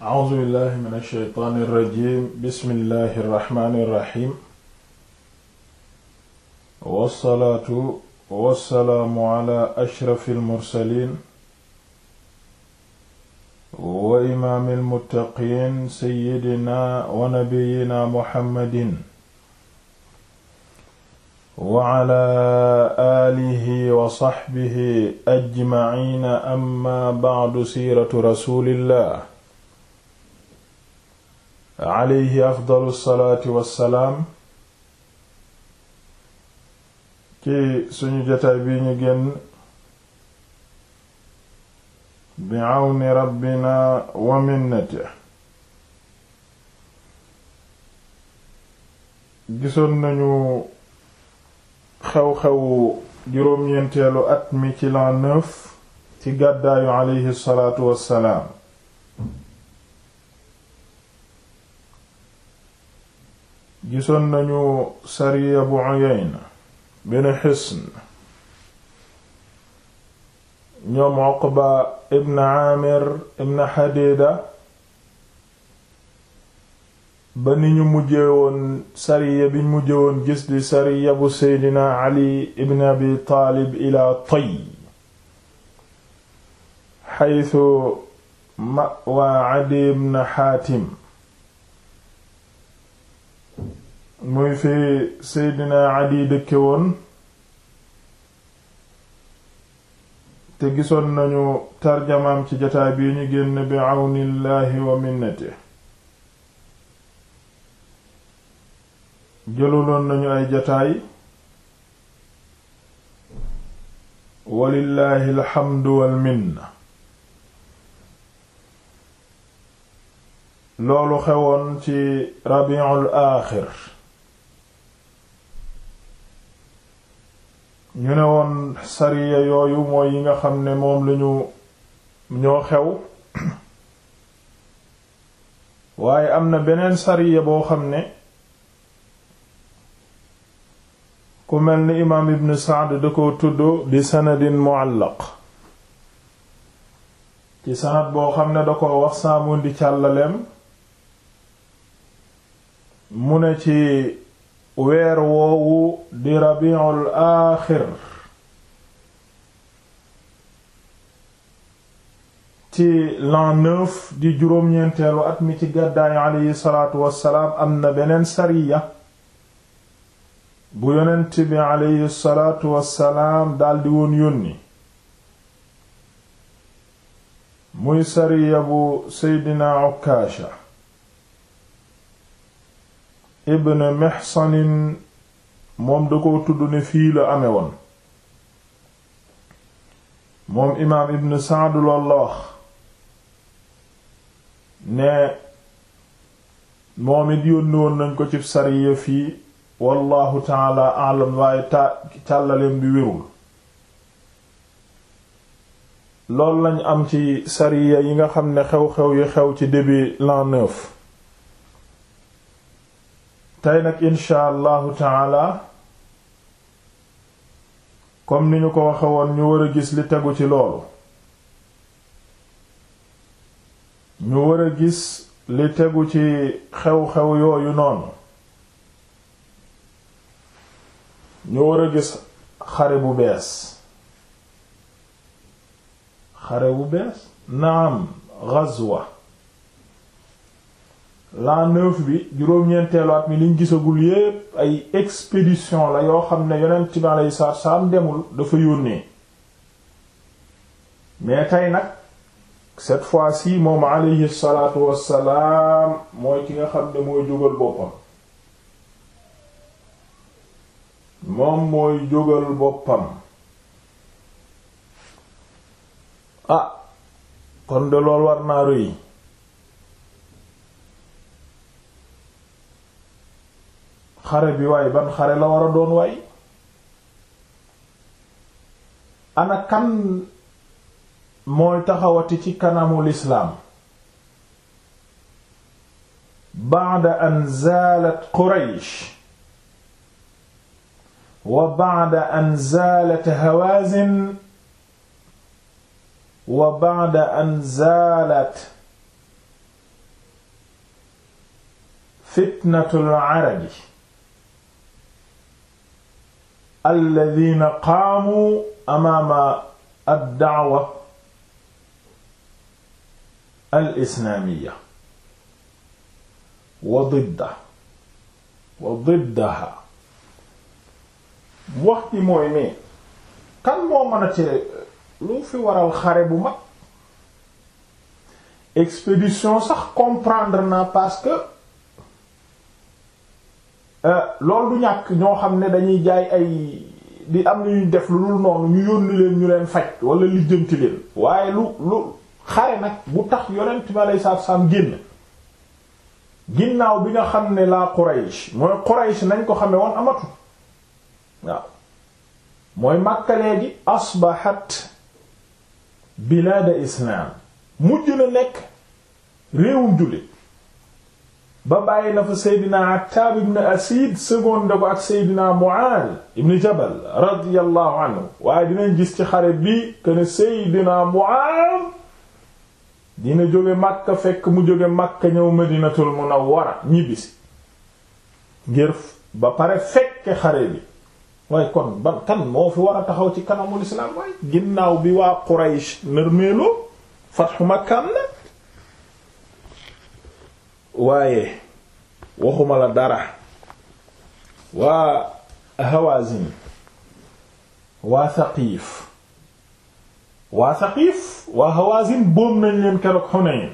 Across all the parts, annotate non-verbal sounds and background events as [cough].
a'uuzu billahi min ash-shaytaani rajim bismillahi rrahmaani rrahim wassalaatu wassalaamu ala ashrafi almursalin wa imaami almuttaqiin sayyidina wa nabiyina muhammadin wa ala aalihi wa saxbihi ajmaciina amma bacdu siiratu rasulillah alayhi afdalu salaatu salaam ci suñu jotaay bi ñu génn bi àwn rabbina wa minnati gisoon nañu xew-xewu juróom-ñeenteelu at mi ci l'an neuf ci gàddaayu alayhi salaatu wassalaam gisoon nañu sariya bu Uyayna bin Hisn ñoom Uqba ibn Amir ibn Hadida ba ni ñu mujjee sariya bi ñu mujjee woon gis di sariya bu Seydina Ali ibn Abi Taalib ila Tayy xaytu ma'wa Adi ibn Xaatim muy fi Seydina Adi dëkke woon te gisoon nañu tarjamaam ci jataay bi ñu génn bi àwnillaahi wa minnati jëluloon nañu ay jataay walillaahi alxamdu wal loolu xewoon ci rabiul aaxir ñu ne woon sariya yooyu mooy yi nga xam ne moom lañu ñoo xew [coughs] waaye am na beneen sariya boo xam ne ku mel ni imaam ibn Sa'd da ko tudd di sanadin mu'allaq ci sanad boo xam ne da ko wax saamundi càllaleem mu ne ci weer woowu di rabiul aaxir ci l'an neuf di juróom-ñeenteelu at mi ci gàddaayu aleyhi salaatu wassalaam am na beneen sariya bu yonent bi aleyhi salaatu wassalaam daldi woon yónni muy sariya bu seydina Ukkaasha ibn mihsanin moom da ko tudd ne fii la amee woon moom imaam ibn Sa'd lool la wax ne moom it yónni nañ ko cib sariya fii wallahu taala alam waaye càllaleen bi wérul loolu lañu am ci sariya yi nga xam ne xew-xew yi xew ci début l'an tey nag insha allahu taala comme ni ñu ko waxe ñu war a gis li tegu ci loolu ñu war a gis li tegu ci xew-xew yooyu noonu ñu war a gis xare bu bees xare bu bees naam ghazwa l'an neuf bi juróom-ñeenteelu mi liñ gisagul yépp ay expédition la yoo xam ne yonent bi aleyhi salaatu salaam demul dafa yónnee mais tey nag cette fois-ci moom aleyhi salaatu wassalaam mooy ki nga xam ne mooy jógal boppam moom mooy jógal boppam ah kon de loolu war naa rëy xare bi waay ban xare la war a doon waay ana kan mooy taxawati ci kanamu lislaam ba'da an zaalat quraysh wa ba'da an zaalat hawaazin wa ba'da an zaalat fitnatul arabi alladina qaamu amaama ad-da'wa al-islaamiyya wa didda wa diddaha wax ji mooy ne kan moo mën a cere lu fi waral xare bu mag expédition sax comprendre naa parce que Euh, loolu du ñàkk ñoo xam ne dañuy jaay ay di am na ñuy def lu dul noonu ñu yónni leen ñu leen faj wala lijjanti leen waaye lu lu xare nag bu tax yonent bi aleyhi salaatu salaam génn ginnaaw bi nga xam ne laa Quraysh mooy Quraysh nañ ko xam ne woon amatu waaw mooy Makka léegi asbaxat bilaada islaam mujj na nekk réewum jullit ba bàyyi na fa seydina Attaab ibn Asiid seconde ko ak seydina Muaaz ibn Jabal radiyallahu anhu waaye dinañ gis ci xare bi que ne seydina Muaaz dina jóge Makka fekk mu jóge Makka ñëw Madinatul Munawwara ñibbisi ngir ba pare fekke xare bi waaye kon ban kan moo fi war a taxaw ci kanamul islaam waaye ginnaaw bi waa Quraysh nërmeeloo fatxu Makka am waaye waxuma la dara waa Hawazin waa Saqiif waa Saqiif waa Hawazin boom nañ leen keroog Hunayn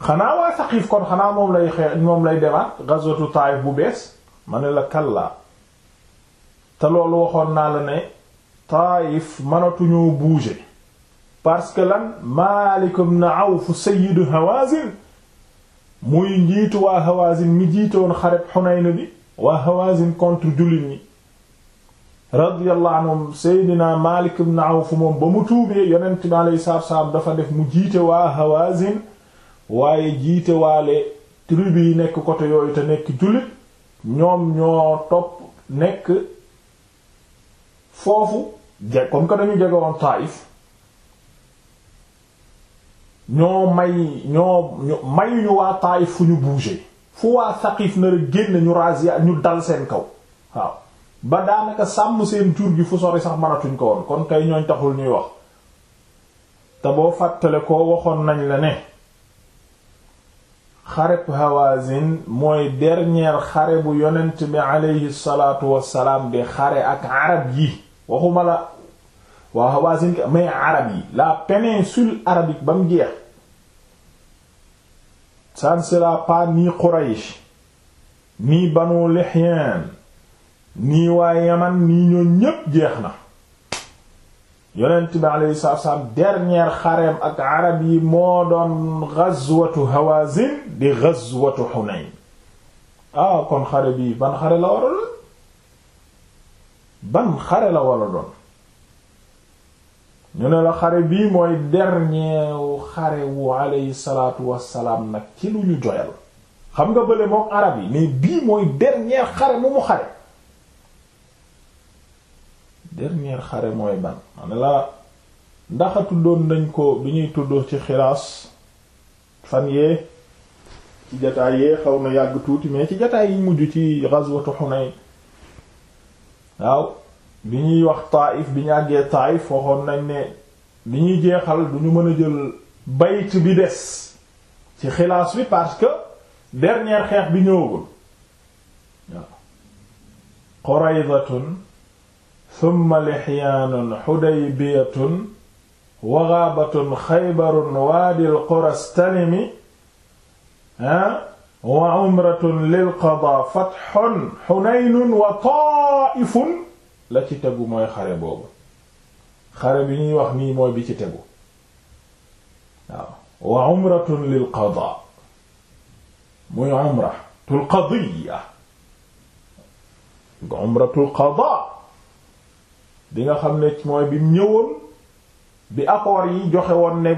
xanaa waa Saqiif kon xanaa moom lay xeex moom lay demaat gazwatu Taayif bu bees ma ne la kallaa te loolu waxoon naa la ne Taayif mënatuñoo bouger parce que lan Maalik ibn Awf sayyidu Hawazin muy njiitu waa Hawazin mi jiitoon xareb Hunayn bi waa Hawazin contre jullit ñi radiyallahu anhum seydina Maalik ibn Awf moom ba mu tuubee yonent bi alayhi salaatu salaam dafa def mu jiite waa Hawazin waaye jiite waale tribu yi nekk côté yooyu te nekk jullit ñoom ñoo topp nekk foofu comme que dañu jege woon Taayif ñoo may ñoo mayuñu waa Taayif fu ñu bouger fu waa Saqif nar a génn ñu razia ñu dal seen kaw waaw ba daanaka sàmm seen jur gi fu sori sax manatuñ ko woon kon kay ñooñ taxul ñuy wax te boo fàttale ko waxoon nañ la ne xareb Hawazin mooy xare bu yonent bi aleyhi salaatu wassalaam di xare ak arab yi waxuma la waa Hawazin mais arab yi la péninsule arabique ba mu jeex ça ne sera pas ni Quraysh ni Banu Lihyan nii waa Yaman nii ñoom ñépp jeex na yonent bi alayhi salaatu wa salaam dernier xareem ak arab yi moo doon ghazwatu Hawazin di ghazwatu Hunayn ah kon xare bii ban xare la war doon ban xare la war doon ñu ne la xare bii mooy dernier xare wu alayhi salaatu wassalaam nag ci lu ñu joyal xam nga bële moom arab yi mais bii mooy dernier xare mu mu xare dernier xare mooy ban man la ndax a tuddoon nañ ko bi ñuy tuddoo ci xilaas fan yee ci jataay yee xaw na yàgg tuuti mais ci jataay yi mujj ci ghazwatu Hunayn ñuy wax Taif bi ñu àggee nañ ne bi ñuy jeexal du ñu mën a jël bayt bi des ci xilaas bi parce que dernière xeex bi ñëwagul waaw qoraydatun thumma lixyaanun xudaybiyatun wagaabatun xaybarun waadil qorastanimi ah wa umratun lilqada fatxun xunaynun wa taaifun la ci tegu mooy xare boobu xare bi ñuy wax nii mooy bi ci tegu waaw wa umratun lil qadaa muy umratul qadiya umratul qadaa bi nga xam ne mooy bi ñëwoon bi accords yi joxe woon ne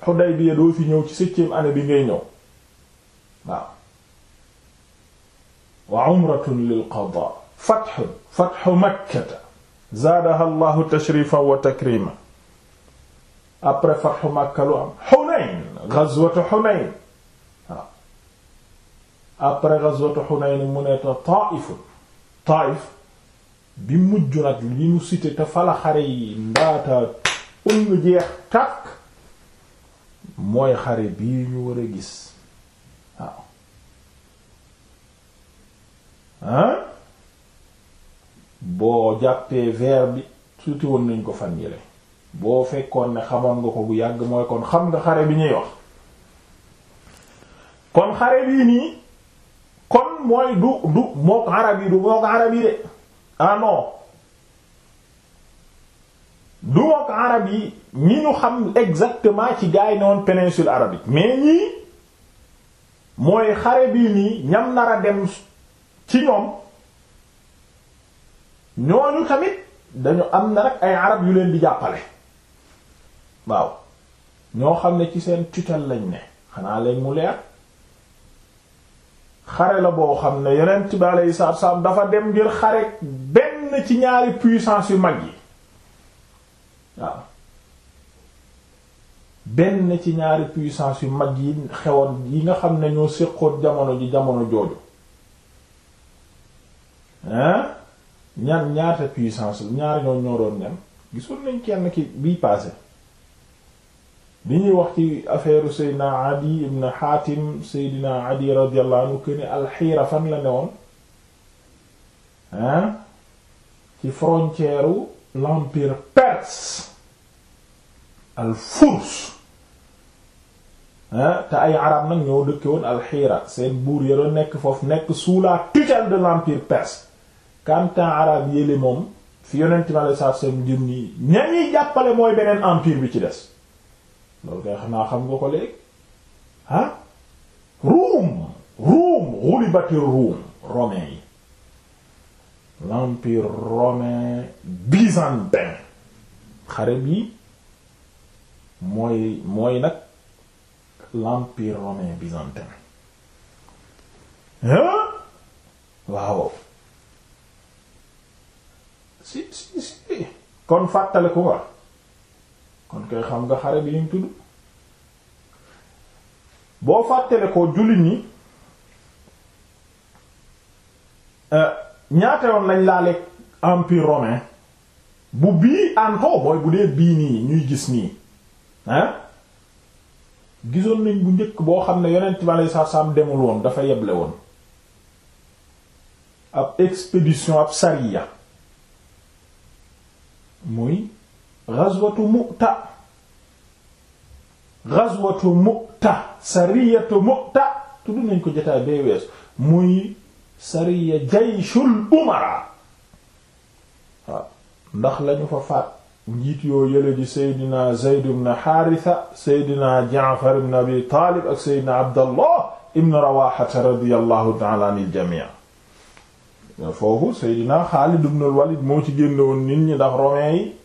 Hudaybiya doo fi ñëw ci septième année bi ngay ñëw waaw wa umratun lil qadaa fathu fathu makkata zaadaha allahu tashrifan wa takriman après fatxu Makka lu am Xunayn gazwatu Xunayn waaw après gazwatu Xunayn mu ne ta Taif Taif bi mujj nag li mu cité te fala xare yi ndaata ënn jeex tàkk mooy xare bi ñu war a gis waaw hein boo jàppee vers bi suuti woon nañ ko fan yële boo fekkoon ne xamoon nga ko bu yàgg mooy kon xam nga xare bi ñuy wax kon xare bii nii kon mooy du du mook arab yi du mook arab yi de ah non du mook arab yi ñi ñu xam exactement ci gaay noon péninsule arabique mais ñii mooy xare bii nii ñam nar dem ci ñoom ñooñu tamit dañu am na rek ay arab yu leen di jàppale waaw ñoo xam ne ci seen tutelle lañ ne xanaa leen mu leer xare la boo xam ne yonent bi alayhi salaatu wassalaam dafa dem ngir xare benn ci ñaari puissance yu mag yi waaw benn ci ñaari puissance yu mag yi xewoon yi nga xam ne ñoo séqoon jamono ji jamono jooju hein ñan ñaata puissance ñaari ñoo ñoo doon ñan gisoon nañ kenn ki bii passé bi ñuy wax ci affaire Seydina Adi ibn Hatim Seydina Adi radiyallahu anhu que ne alxiira fan la newoon ci frontière l'empire perse al Furs te ay arab nag ñoo dëkke woon alxiira seen buur ya nekk foofu nekk sous la de l'empire perse quant à arab yéle moom fi yonent mi alei satu salam jëm nii ña ñuy jàppale mooy beneen empire bi ci des loolu kay xanaa xam nga ko léegi ah Rome Rome ghulibati Rome romain yi l'empire romain byzantin xare bi mooy mooy nag l'empire romain byzantin hein waaw si si si kon fàttaliku nga kon koy xam nga xare bi ñu tudd boo fàttale ko jullit ñi euh, ñaata yoon lañ laaleeg empire romain bu bii anto mooy bu dee bii nii ñuy gis nii ah gisoon nañ bu njëkk boo xam ne yonent bi aleyhis salâtou demul woon dafa yeble woon ab expédition ab sariya muy ghazwatu mu'ta ghazwatu mu'ta sariyatu mu'ta tudd nañ ko jotaay bay wees muy sariya jayshul umara waaw ndax lañu fa faat njiit yoo yële di seydina zeyd ibn xaarisa seydina jaafar ibn abi taalib ak seydina abdallah ibn rawaxata radiyallahu taala an il jamii foofu seydina xaalid ibn al walid moo ci génne woon nit ñi ndax romain yi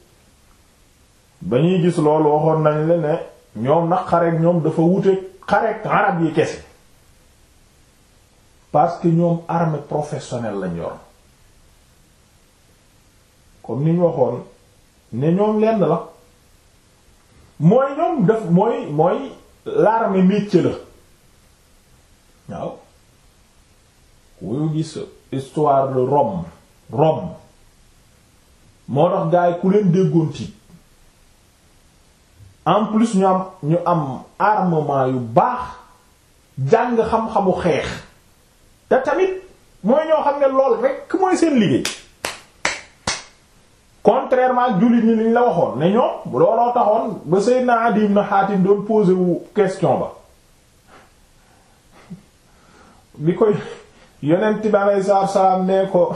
ba ñuy gis loolu waxoon nañ la ne ñoom nag xareek ñoom dafa wute xareek arab yi kese parce que ñoom armée professionnelle lañ yor comme ni ñu waxoon ne ñoom lenn la mooy ñoom def mooy mooy l'armée métier la waaw kuyu gis histoire de Rome Rome moo tax gaay ku leen déggoon tiit en plus ñu am ñu am armement yu baax jàng xam-xamu xeex te tamit mooy ñoo xam ne lool rekk mooy seen liggéey contrairement jullit ñi liñ la waxoon ne ñoom looloo taxoon ba Seydina Adi ibn Hatim doon posé wu question ba bi koy yonent bi aleyhi salaatu ne ko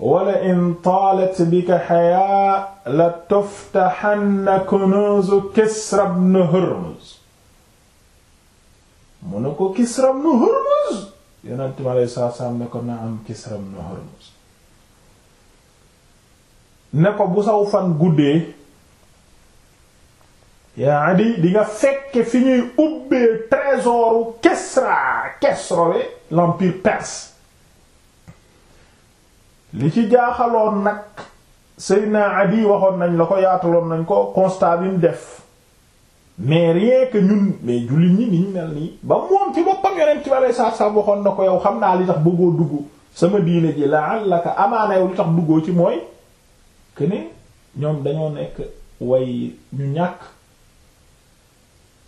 wala in taalat bika xayaa la tuftaxanna kunuuzu Kisra bnu Hurmuz mu ne ko Kisra bnu Hurmuz yonent mi alayhi salaatu salaam ne ko na am Kisra bnu Hurmuz ne bu saw guddee yaa adi di nga fekke fi ñuy ubbee trésoru Kisra Kisra we l'empire perse li ci jaaxaloon nag sëy naa Adi waxoon nañ la ko yaataloon nañ ko constat bi mu def mais rien que ñun mais jullit ñi ñu nel nii ba moom ci boppam yonent ci waree saaf saaf waxoon na ko yow xam naa li tax bëggoo dugg sama diine ji la'allaka amaana yow li tax duggoo ci mooy que ne ñoom dañoo nekk way ñu ñàkk.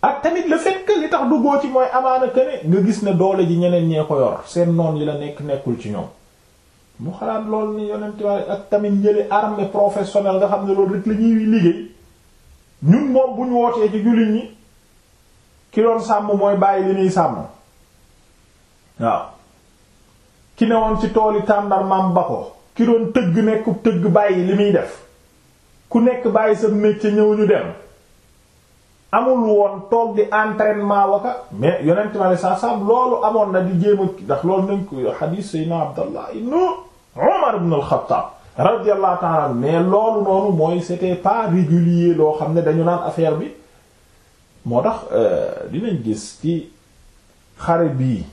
ak tamit le fait li tax duggoo ci mooy amaana que ne nga gis ne doole ji ñeneen ñee ko yor seen noon yi la nekk nekkul ci ñoom. mu xalaat lool ni yonent ak tamit njëli armée professionnelle nga xam ne loolu rek la ñuy liggéey ñun moom bu ñu wootee ci jullit ñi ki doon sàmm mooy bàyyi li ñuy sàmm waaw ki ne woon ci tooli tàndarmaam ba ko ki doon tëgg nekku tëgg bàyyi li muy def ku nekk bàyyi sa métier ñëw ñu dem amul woon toog di entraînement waka mais yonent ma la saa saam loolu amoon na di jéem a ndax loolu nañ ko xadiis Seydina Abdallah ibn Umar ibn al-Khattab noonu mooy c'était pas régulier loo xam ne dañu naan affaire bi moo tax euh, dinañ gis ci xare bi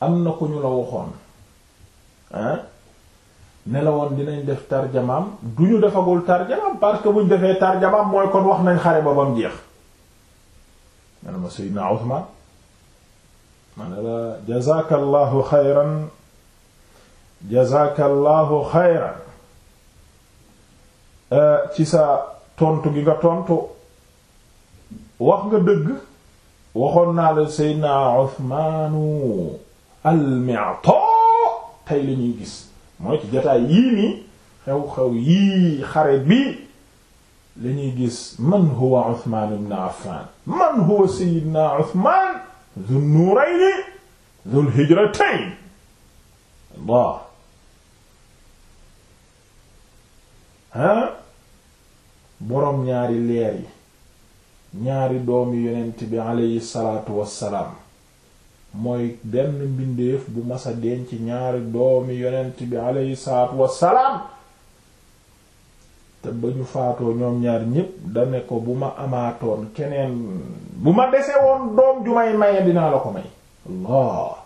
am na ku ñu la waxoon ne dinañ def tarjamaam du defagul tarjamaam parce que buñ defee tarjamaam mooy kon wax nañ xare ba bam jeex man ma Seydina Usmaan ma ne la jazakallahu xayran jazakallahu euh, ci sa tontu gi nga tontu wax nga dëgg waxoon naa la Seydina Usmaanu al tey li ñuy gis mooy ci jotaay yii nii xew-xew yii xare bi lañuy gis man huwa Usmaan ibn Affaan man huwa sayyidna Usmaan zul nuurayni zul hijratayn Allah ñaari leer yi ñaari doomi yonent bi alayhi salaatu wassalaam mooy benn mbindéef bu masa denc ñaari doomi yonent bi aleyhi salaatu wassalaam te ba ñu faatoo ñoom ñaar ñépp da ne ko bu ma amaatoon keneen bu ma dese woon doom ju may maye dinaa la ko may allah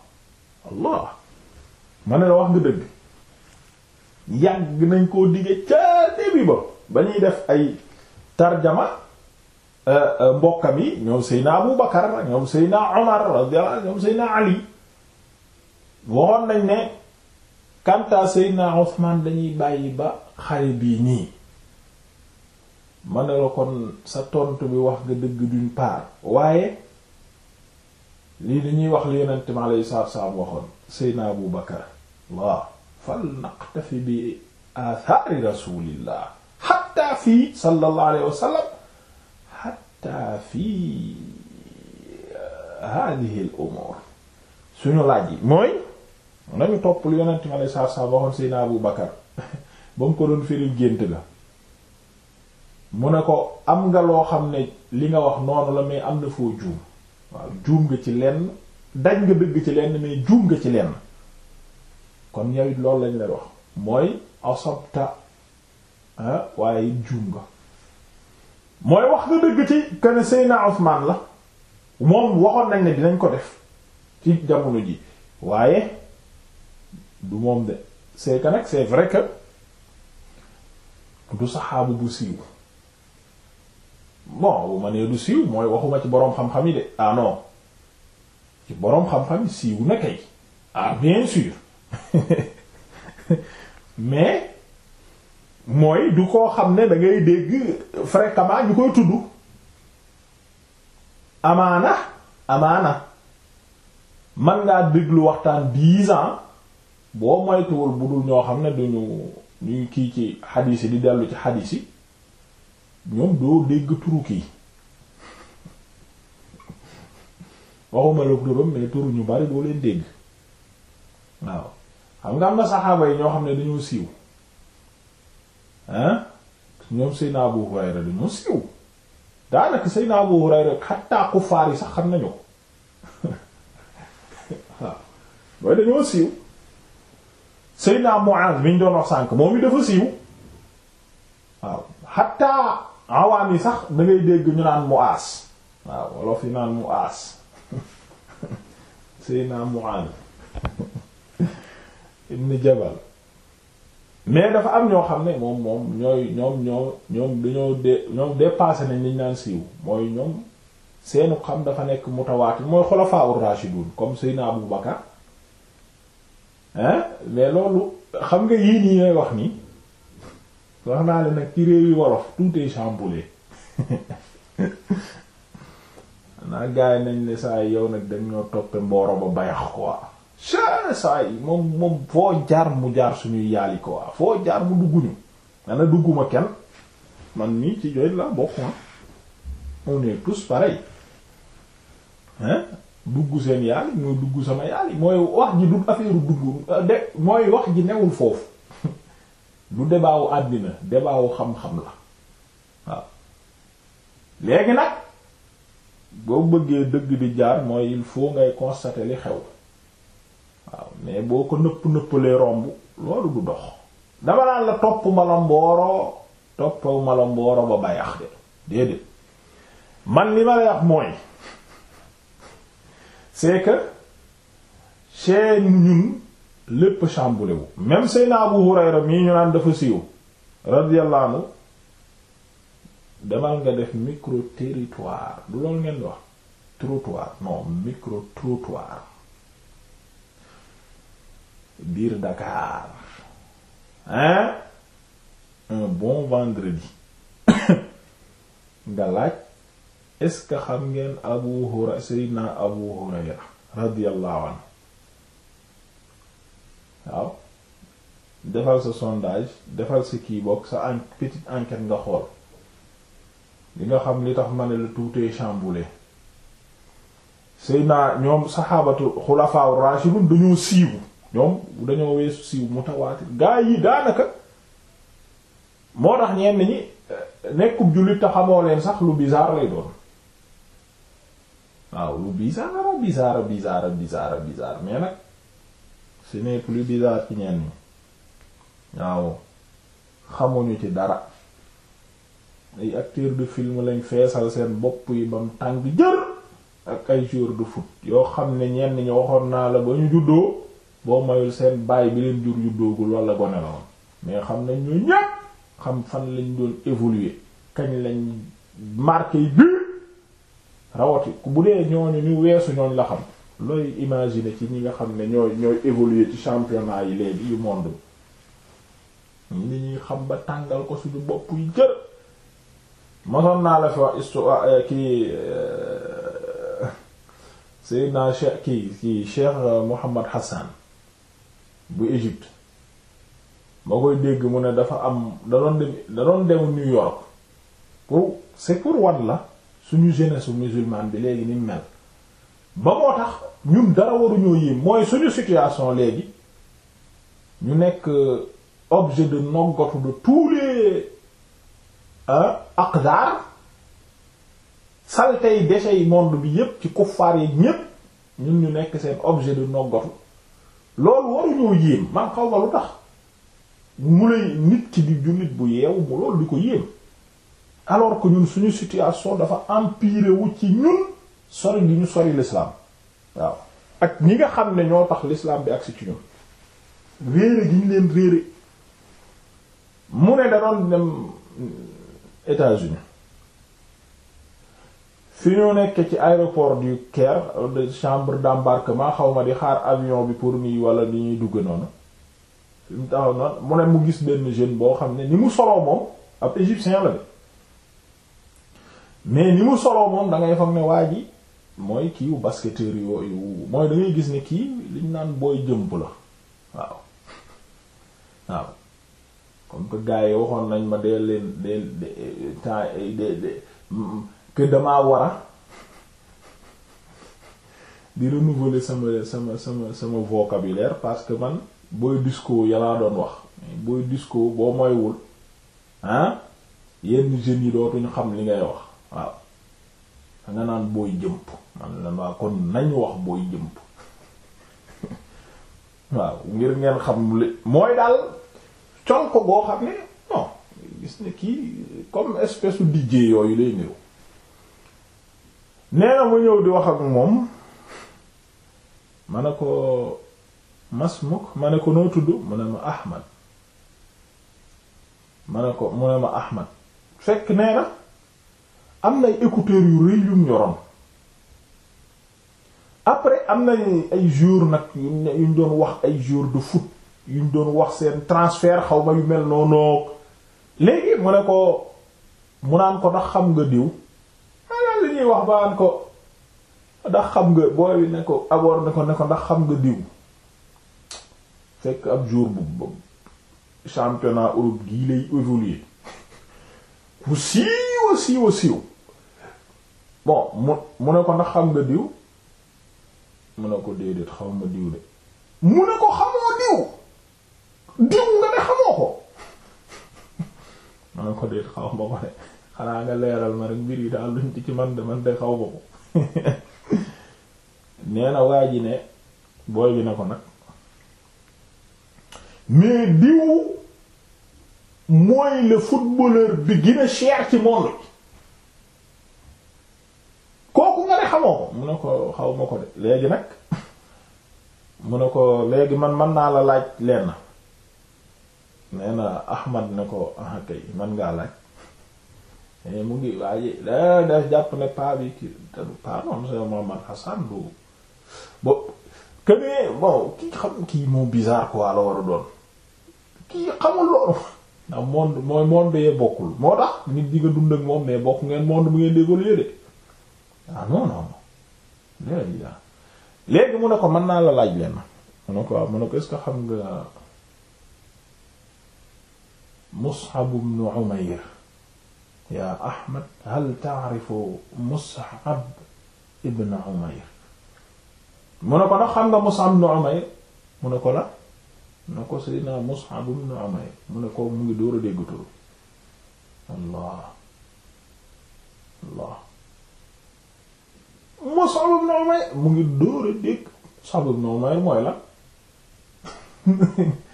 allah ma ne la wax nga dëgg yàgg nañ koo dige ca début ba ba ñuy def ay tarjama Euh, euh, mbokkam yi ñoom Seydina Abu Bakar ñoom Seydina Omar radiyallahu ñoom Seydina Ali waxoon nañ ne kanta Seydina Ousmane dañuy bàyyi ba xare bii nii ma ne la kon sa tontu bi wax nga dëgg d'une part waaye lii dañuy wax li yonent mi alayhi salaatu salaam waxoon Seydina Abu Bakar waaw fal naqtafi bi athari rasulillah hatta fii sallallahu alayhi wa sallam xatta fi hadihi al suñu laaj yi mooy nañu topp lu yonent mi alei satu salaam waxoon Seydina Abu Bakar ba mu ko doon firil gént la mu ne ko am nga loo xam ne li nga wax noonu la mais am na foo juum waaw juum nga ci lenn dañ nga dëgg ci lenn mais juum nga ci lenn kon yow it loolu lañ lay wax mooy asabta ah waaye juum nga mooy wax nga dëgg ci que ne Seyna Ousmane la moom waxoon nañ ne dinañ ko def ci jamono ji waaye du moom de c'est que nag c'est vrai que du saxaabu bu siiw bon bu ma nee du siiw mooy waxuma ci boroom xam-xam yi de ah non ci boroom xam-xam yi siiw na kay ah bien sûr [laughs] mais. mooy du koo xam ne da ngay dégg fréquemment ñu koy tudd amaana amaana man ngaa déglu waxtaan dix ans boo moytuwul bu dul ñoo xam ne duñu ñuy kii ci xadiis yi di dellu ci xadiis yi ñoom doo dégg turu kii waxuma la turam mais turu ñu bari doo leen dégg waaw xam nga am na saxaaba yi ñoo xam ne dañoo siiw ah ñoom Abu Hurayra dañoo siiw daanaka Seydina Abu Hurayra xatta kufaar yi sax xam nañu ko [laughs] waaw mooy dañoo siiw Seydina Muaz bi ñu doon wax sànk moom yi dafa siiw waaw xatta awaam yi sax da dégg ñu naan Muaz waaw wolof yi naan Muaz [laughs] Seydina Muaz [laughs] ibn Jabal mais dafa am ñoo xam ne moom moom ñooy ñoom ñoo ñoom dañoo de ñoom dépassé nañ liñ naan siiw mooy ñoom seenu xam dafa nekk mutawaatir mooy xulafaa ur-rashidun comme Seydina Abu Bakar hein mais loolu xam nga yii nii ñooy wax nii wax naa la nag ci réew yi wolof tout est chamboulé [laughs] naa gaay nañ ne saa yow nag dañ ñoo toppe mbooro ba bayax quoi saa yi moom moom foo jaar mu jaar suñuy yaali ko waa foo jaar mu dugguñu dana dugguma kenn man mii ci yooyu la bokk ma ah. on tous pareil hein dugg seen yaali mooy dugg sama yaali mooy wax ji du affaire dugg de mooy wax ji newul foofu [laughs] du debaawu àddina debaawu xam-xam la waaw léegi nag boo bëggee dëgg di jaar mooy il faut ngay constater li xew waaw mais boo ko nëpp nëppalee romb loolu du dox dama naan la topp mala mbooro toppaw mala mbooro ba bayax de déedéet man li ma lay mooy c'est que chez ñun lépp chamboulé wu même Seydina Abu Hurayra mii ñu naan dafa siiw radiyallahu anhu demal nga def micro territoire du loolu ngeen wax trottoir non micro trottoir biir Dakar hein un bon vendredi [coughs] nga laaj est-ce que xam ngeen Abu Hurayra Seydina Abu Hurayra radiyallahu anhu waaw defal sa sondage defal si kii bokk sa en petite enquête nga xool li nga xam li tax ma la tout est chamboulé ñoom saxaabatu xulafaa rashidun dañoo siiwu ñoom dañoo weesu siiw mutawaatir gaa yi daanaka moo tax ñenn ñi eh, nekkub jullit te xamoo leen sax lu bizarre lay doon waaw lu bizarre bizarre bizarre bizarre bizarre mais nag ce n'est plus bizarre ci ñenn ñi waaw xamuñu ci dara ay acteurs de film lañ feesal seen bopp yi bam tàng jër ak ay joueurs de foot yoo xam ne ñenn ñi waxoon naa la ba ñu juddoo boo mayul seen baay bi leen jur yu doogul wala gone la mais xam nañ ñu ñépp xam fan lañ doon évoluer kañ lañ marqué yi bi rawati bu dee ñooñu ñu weesu ñooñ la xam looy imaginer ci ñi nga xam ne ñooy ñooy évoluer ci championnat yi léegi yu monde ni ñuy xam ba tàngal ko suñu bopp yi jër mosoon naa la fi wax histoire ah, eh, kii eh, Seydina Cheikh kii kii Cheikh Mohammed Hassan bu Égypte moo koy dégg mu ne dafa am da doon dem da doon dem New York pour c'est pour wan la suñu jeunesse musulmane bi léegi ni mel ba moo tax ñun dara waruñoo yéem mooy suñu situation léegi ñu nekk euh, objet de noggatu de tous les euh, aqdar saleté yi déchets yi monde bi yépp ci kuffaar yi ñépp ñun ñu nekk seen objet de noggatu loolu waruñoo yéem man xaw ma lu tax mu lay nit ci di jullit bu yeewu mu loolu di ko yéem alors que ñun suñu situation dafa empiré wu ci ñun sori gi ñu sori l'islam waaw ak ñi nga xam ne ñoo tax lislaam bi agsi ci ñun réere gi ñu leen réere mu ne da dem États-Unis fi ñu nekk ci aéroport du Caire de chambre d'embarquement xaw ma di xaar avion bi pour nii wala ni ñuy dugg noonu fi mu ne mu gis benn jeune boo xam ne ni mu soloo moom ab égyptien la de mais ni mu soloo moom da ngay ne waa ji mooy kii wu yooyu mooy da gis ne kii liñ naan booy jëmp la waaw waaw comme que gars waxoon nañ ma dee leen dee temps que damaa war a di sama sama sama sama vocabulaire parce que man booy discours yalaa doon wax booy discours boo moywul ah yenn jeunes yi dootuñu xam li ngay wax waaw da naan booy jëmp man la waa kon nañ wax booy jëmp [laughs] waaw ngir ngeen xam mooy daal col ko boo xam ne non gis ne kii comme espèce u DJ yooyu lay néew nee na mu ñëw di wax ak moom ma ne ko masmuk ma ne ko noo tudd mu ne ma ahmad ma ne ko mu ne ma ahmad fekk nee na am na ay écouteurs yu rëy yum yoroon après am na ay jour nag yuñ doon wax ay jour du foot yuñ doon wax seen transfert xaw ma yu mel noonu léegi mu ne ko mu naan ko ndax xam nga diw wax baan ko ndax xam nga booy bi ne ko abor ne ko ne ko ndax xam nga diw fekk ab jour bu championnat Europe gii lay évoluer ku siiwa siiwa siiw bon mu mu ne ko ndax xam nga diw mu ne ko déedéet xaw diw de mu ne ko xamoo diw diw nga ne xamoo ko [laughs] mu ne ko déedéet xaw ma ko de xanaa nga leeral ma rek mbir yi daal luñ ci ci man de man de xaw ba ko [laughs] nee na waa ji ne booy bi na ko nag mais diw mooy le footballeur bi gën a cher ci monde bi kooku nga ne xamoo ko mu ne ko xaw ma ko de léegi nag [laughs] mu ne ko léegi man mën naa la laaj lenn nee na Ahmad ne ko ah kay man ngaa laaj Eh, mu ngi waaye da eh, jàpp ne paa bi kii te du paa noonu c'est Mohamed du bo que ne bon kii xam kii moo bizarre quoi la war a doon kii xamul loolu ndax monde mooy monde yee bokkul moo tax nit di nga dund ak moom mais bokk ngeen monde bu ngeen déggoo de ah non non non léegi mu ne ko mën naa la laaj leen mu ne ko waaw mu ne ko est-ce xam nga Mus'ab ibn Umayr yaa Ahmad hal taarifu Mus'ab ibn Umayr mu ne ko ndax xam nga Mus'ab ibn Umayr mu ne ko la mu ne ko Seydina Mus'ab ibn Umayr mu ne ko mu ngi dóor a dégg turu Allah Allah Mus'ab ibn Umayr mu ngi dóor a dégg Mus'ab ibn Umayr mooy la [laughs]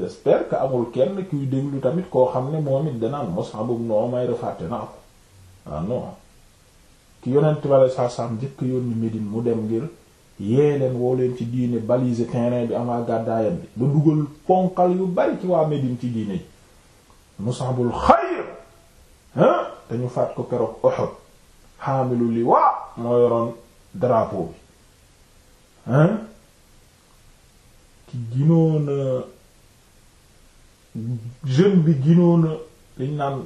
j'espère que amul kenn kuy déglu tamit koo xam ne moom it danaan Mus'ab ibn Umayr fàtte naa ko ah non ki yonent bale sarsam njëkk yónni Médine mu dem ngir yee leen woo ci diine baliser terrain bi amaa gàddaayam bi ba dugal ponkal yu bari ci waa Médine ci diine ji Mus'abul xayr hein te faat ko keroog Uhud xaamilu liwaa moo yoroon drapeau bi hein ki ginoona jeune bi ginoona liñ naan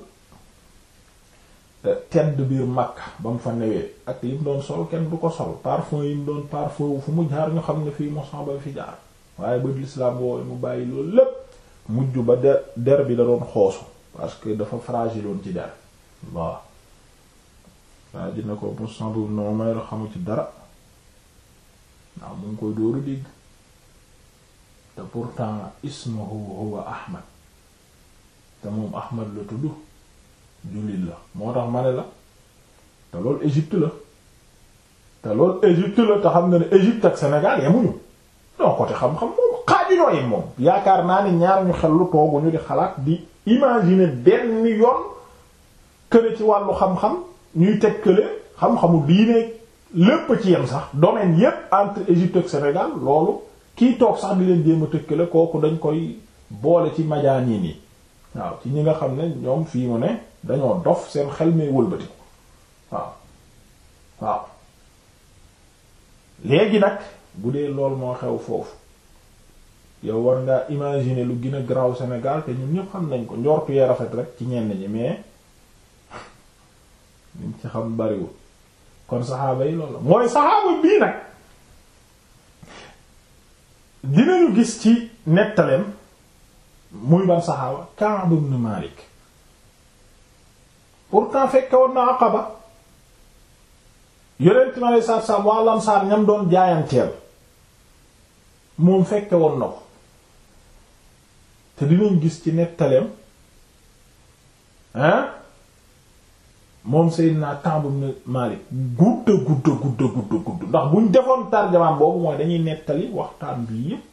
euh, tedd biir Makka ba mu fa newee ak li mu doon sol kenn du ko sol parfum yi mu doon parfum fu mu jaar ñu xam ne fii Mus'ab ba fi jaar waaye ba l'islam woowe mu bàyyi loolu lépp mujj ba der der bi da doon xoosu parce que dafa fragile woon ci der waaw waaye dina ko Mus'ab ibn xamu ci dara waaw mu ngi koy dóoru dégg te pourtant ismuhu huwa Ahmad te moom Ahmad la tudd jullit la moo tax ma ne la te loolu Égypte la te loolu Égypte la te xam nga ne Égypte ak Sénégal yemuñu non côté xam-xam moom xaajuñoo yem moom yaakaar naa ni ñaar ñu xel lu tooguñu di xalaat di imaginer benn yoon këne ci wàllu xam-xam ñuy tekkale xam-xamu diine lépp ci yem sax domaine yépp entre Égypte ak Sénégal loolu kiy toog sax di leen jéem tëkkale kooku dañ koy boole ci majaaniin yi waaw ci ñi nga xam ne ñoom fii mu ne dañoo dof seen xel may wëlbati waaw waaw léegi nag bu lool moo xew foofu yow war ngaa imaginer lu gën a garaaw senegal te ñun ñëpp xam nañ ko njortu yee rafet rek ci ñenn ñi mais [laughs] liñ ci xam bariwul kon saxaaba yi loolu mooy saxaaba bii nag dinañu gis ci nettaleem muy ban saxaaba Ka'b ibn Malik pourtant fekke woon na Aqaba yonent mi alei satu salaam waa lamsaar ñam doon jaayanteel moom fekke woon na ko te dinañ gis ci nettaleem hein moom Seydina Ka'b ibn Malik gudda gudda gudda gudda gudda ndax buñ defoon tarjamaan boobu mooy dañuy nettali waxtaan bi yépp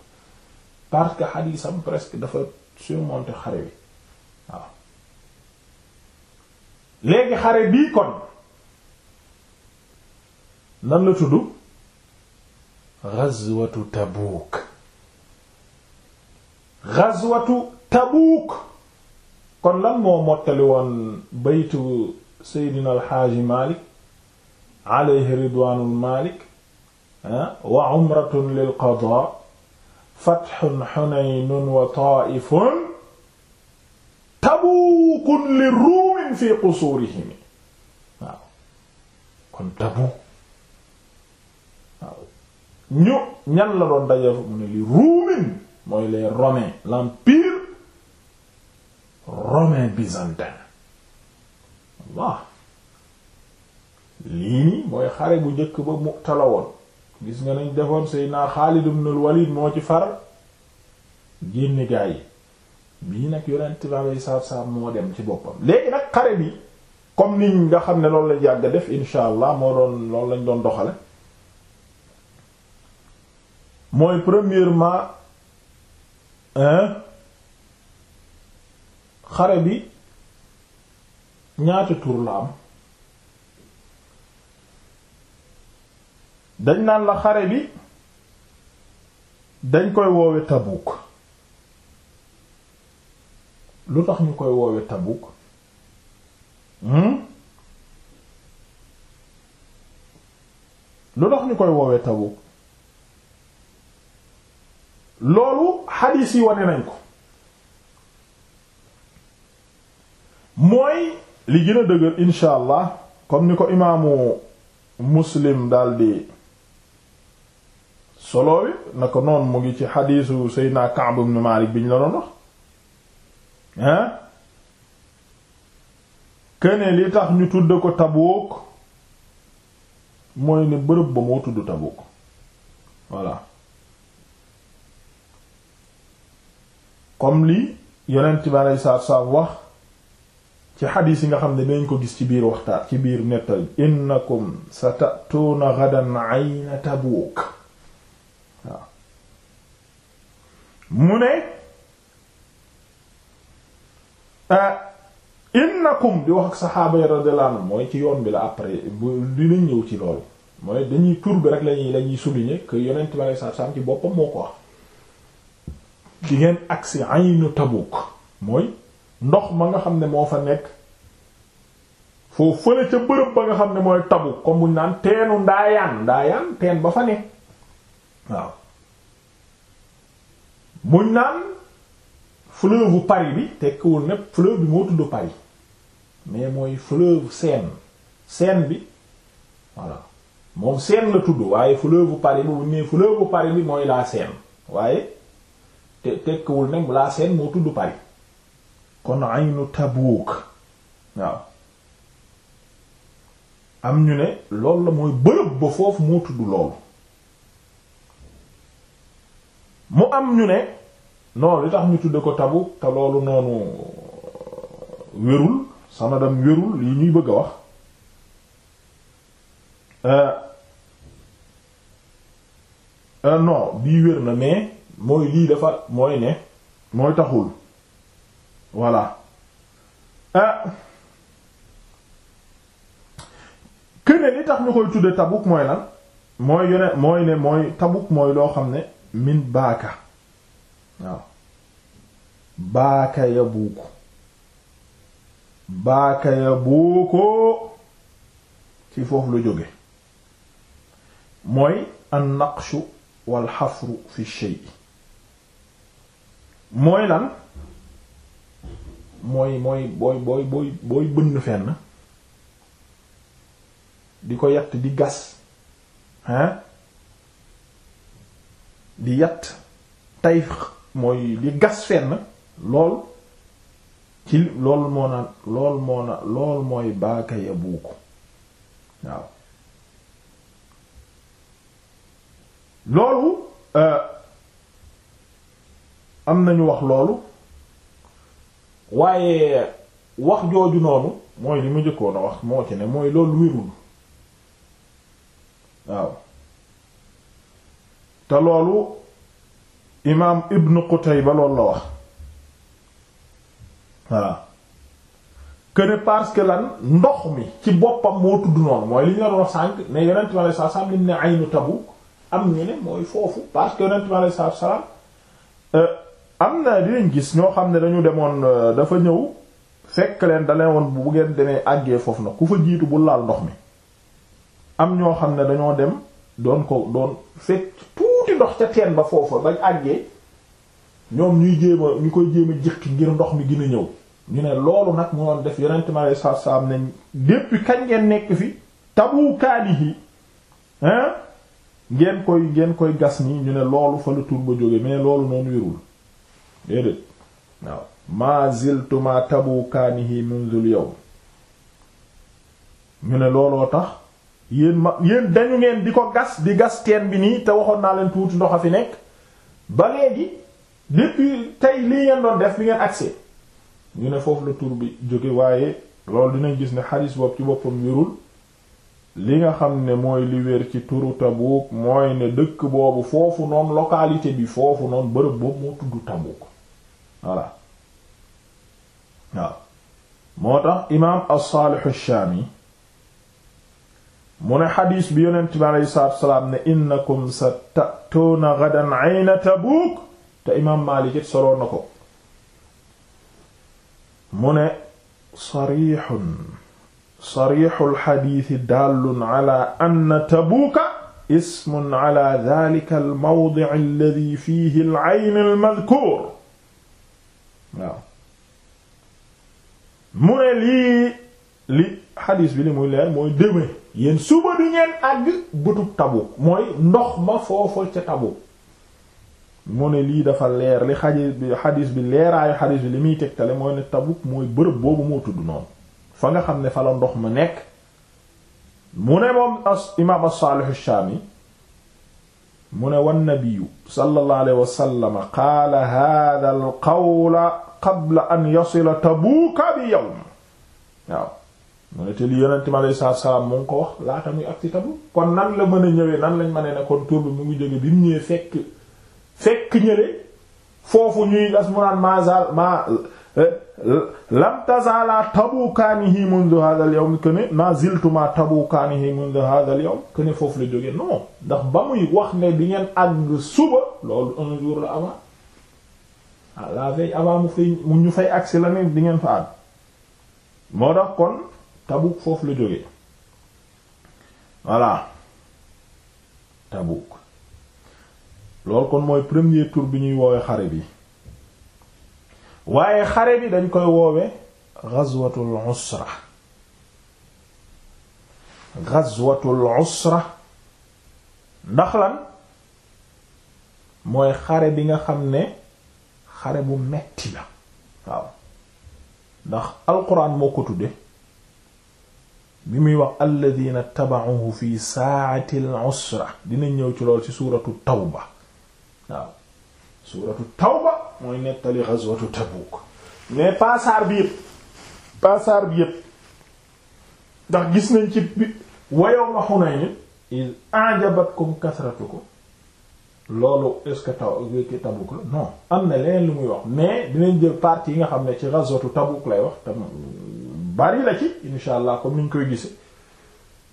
parce que xadiisam presque dafa surmonter xare bi léegi xare bi kon nan la tudd ghazwatu Tabuuk ghazwatu Tabuuk kon lan moo mottali woon baytu Seydina Alxaaji Maalik alayhi ridwaanul Maalik ah, wa umratun lil qadaa fatxun xunaynun wa taaifun tabuukun li ruumin fi qusuurihim waaw kon tabuuk waaw ñu ñan la mu ne li ruumin mooy les romains l'empire romain byzantin Allah lii mooy xare bu njëkk ba mu tala gis nga nañ defoon Seydina Xaalid ibn al-Walid moo ci far génne gaa yi bii nag yonent bi alayhi salaatu salaam moo dem ci boppam léegi nag xare bi comme niñ nga xam ne loolu lañ yàgg def insha allah moo doon loolu lañ doon doxale mooy premièrement hein xare bi ñaata tur la am dañ naan la xare bi dañ koy woowe Tabuk lu tax ñu koy woowe Tabuk hmm lu koy woowe Tabuk loolu xadiis yi wane nañ ko mooy li gën a dëgër insha allah comme ni ko imaamu muslim daldi solo wi na ko noonu mu ngi ci xadiisu Seydina Ka'b ibn Malik bi ñu la doon hein kene li tax ñu tudd ko Tabuk mooy ne bërëb ba moo tudd Tabuk voilà comme li yonent bi aleyhi salaatu salaam wax ci xadiis yi nga xam ne dañ ko gis ci biir waxtaan ci biir nettal na satatuuna ghadan ayna Tabuk mu ne ah, innakum di wax ak saxaaba yi mooy ci yoon bi la après bu dinañ ñëw ci loolu mooy dañuy tur bi rek lañuy lañuy souligner que yonent ma lay sax saam ci boppam moo ko wax di ngeen agsi aynu Tabuk mooy ndox ma nga xam ne moo fa nekk foo fële ca bërëb ba nga xam ne mooy Tabuk comme buñ naan teenu ndaayaan ndaayaan teen ba fa ne waaw muñ naan fleuve Paris bi tekkiwul ne fleuve bi moo tudd Paris mais mooy fleuve seen Seine bi voilà moom seen la tudd waaye fleuve Paris bi bu nee fleuve Paris bi mooy laa seen waaye te tekkiwul ne laa Seine moo tudd Paris kon aynu Tabuk waaw am ñu ne loolu la mooy bërëb ba foofu moo tudd loolu mu am ñu ne non li tax ñu tudde ko tabu te loolu noonu euh, wérul sanadam wérul yi ñuy bëgg a wax euh, euh, non bii wér na mais mooy lii dafa mooy ne mooy taxul voilà këne li tax ñu koy tudde tabuk mooy lan mooy yone mooy ne mooy tabuk mooy loo xam ne min baaka waaw baaka yabuuku baaka yabuuku ci foofu lu jóge mooy an naqshu wal xafru fi shay mooy lan mooy mooy booy booy booy booy bënn fenn di ko yett di gas hein di yat tey mooy di gas fenn lool ci lool moo na lool moo na lool mooy baaka ya buuku waaw loolu euh, am nañu wax loolu waaye wax jooju noonu mooy li mu njëkkoon a wax moo ci ne mooy loolu wérul waaw te loolu imaam ibnu Qutayba loolu la wax waaw këne parce que lan ndox mi ci boppam moo tudd noonu mooy li ñu doon wax sànq ne yonent bi alayhi salaam lim am ñu ne mooy foofu parce que yonent bi euh, am na dinañ gis ñoo xam ne dañu demoon euh, dafa ñëw fekk leen da woon bu ngeen demee àggee foofu na ku fa jiitu bul laal ndox mi am ñoo xam ne dañoo dem doon ko doon fekk tuuti ndox ca teen ba foofa bañ àggee ñoom ñuy jéem ñu koy jéem a jëkki ngir ndox mi gën a ñëw ñu ne loolu nag mu doon def yonent mi alayhi salaatu salaam ne depuis kañ ngeen nekk fi tabukaalihi hein ngeen koy ngeen koy gas nii ñu ne loolu fa la tur ba jóge mais loolu noonu wérul déedéet waaw maa ziltuma tabukaanihi munzul ñu ne looloo tax yéen ma yéen dañu ngeen di ko gas di gas teen bi nii te waxoon naa leen tuuti ndox a fi nekk ba léegi depuis tey li ngeen doon def bi ngeen accès ñu ne foofu la tur bi jóge waaye loolu dinañ gis ne xadis boobu ci boppam wérul li nga xam ne mooy li wér ci turu Tabuk mooy ne dëkk boobu foofu noonu localité bi foofu noonu bërëb boobu moo tudd Tabuk voilà waaw moo tax imaam as-Salih ash mu ne xadiis bi yonent bi aleyhi salaatu wasalaam ne innakum sa tatuuna gadan ayna tabuuk te imaam Maalik it soloon na ko mu ne sarixun sarixu lxadiisi dallun ala ann tabuuka ismun ala dalika almawdic alladi fiihi alcayn almadkuur waaw mu ne lii li xadiis bi li muy leer mooy déme yéen suba di ngeen àgg bëtub Tabuk mooy ndox ma foofu ca Tabuk mu ne lii dafa leer li xadis bi xadis bi leeraayu xadis bi li muy tegtale mooy ne Tabuk mooy bërëb boobu moo tudd noonu fa nga xam ne fa la ndox ma nekk mu ne moom imaam as-Saalih ash mu ne wan nabiyu sallallahu alayhi wa sallam qaala haadha al-qawla qabla an yasila Tabuuka bi yawm waaw mu a te li yonent mi aleyhi salaatu salaam ngi ko wax laata muy ak tabu kon nan la mën a ñëwee nan lañ mën a ne kon tur mu ngi jóge bi mu ñëwee fekk fekk ñële foofu ñuy gas mu naan maazal ma eh, lam tazala foofu la jóge non wax ne ngeen àgg suba loolu la avant ah mu fay mu ñu fay agsi la ne di ngeen fa àgg moo tax kon Tabuk foofu la jógee voilà Tabuk loolu kon mooy premier tour bi ñuy woowee xare bi waaye xare bi dañ koy woowe ghazwatul usra ghazwatul usra ndax lan mooy xare bi nga xam ne xare bu metti la waaw ndax alquran moo ko tudde bi muy wax alladina taba'uhu fi saa'ati al-usra dina ñëw ci lool ci suuratu tawba waaw suuratu tawba mooy nettali ghazwatu Tabuk mais paasaar bi yëpp bi yëpp ndax gis nañ ci bi wayawma Hunayn iz a'jabatkum ko loolu est ce que taw ki Tabuk la non am na leneen lu muy wax mais dinañ jël partie yi nga xam ne ci ghazwatu Tabuk lay wax tam bari la ci insha allah comme ni ñu koy gise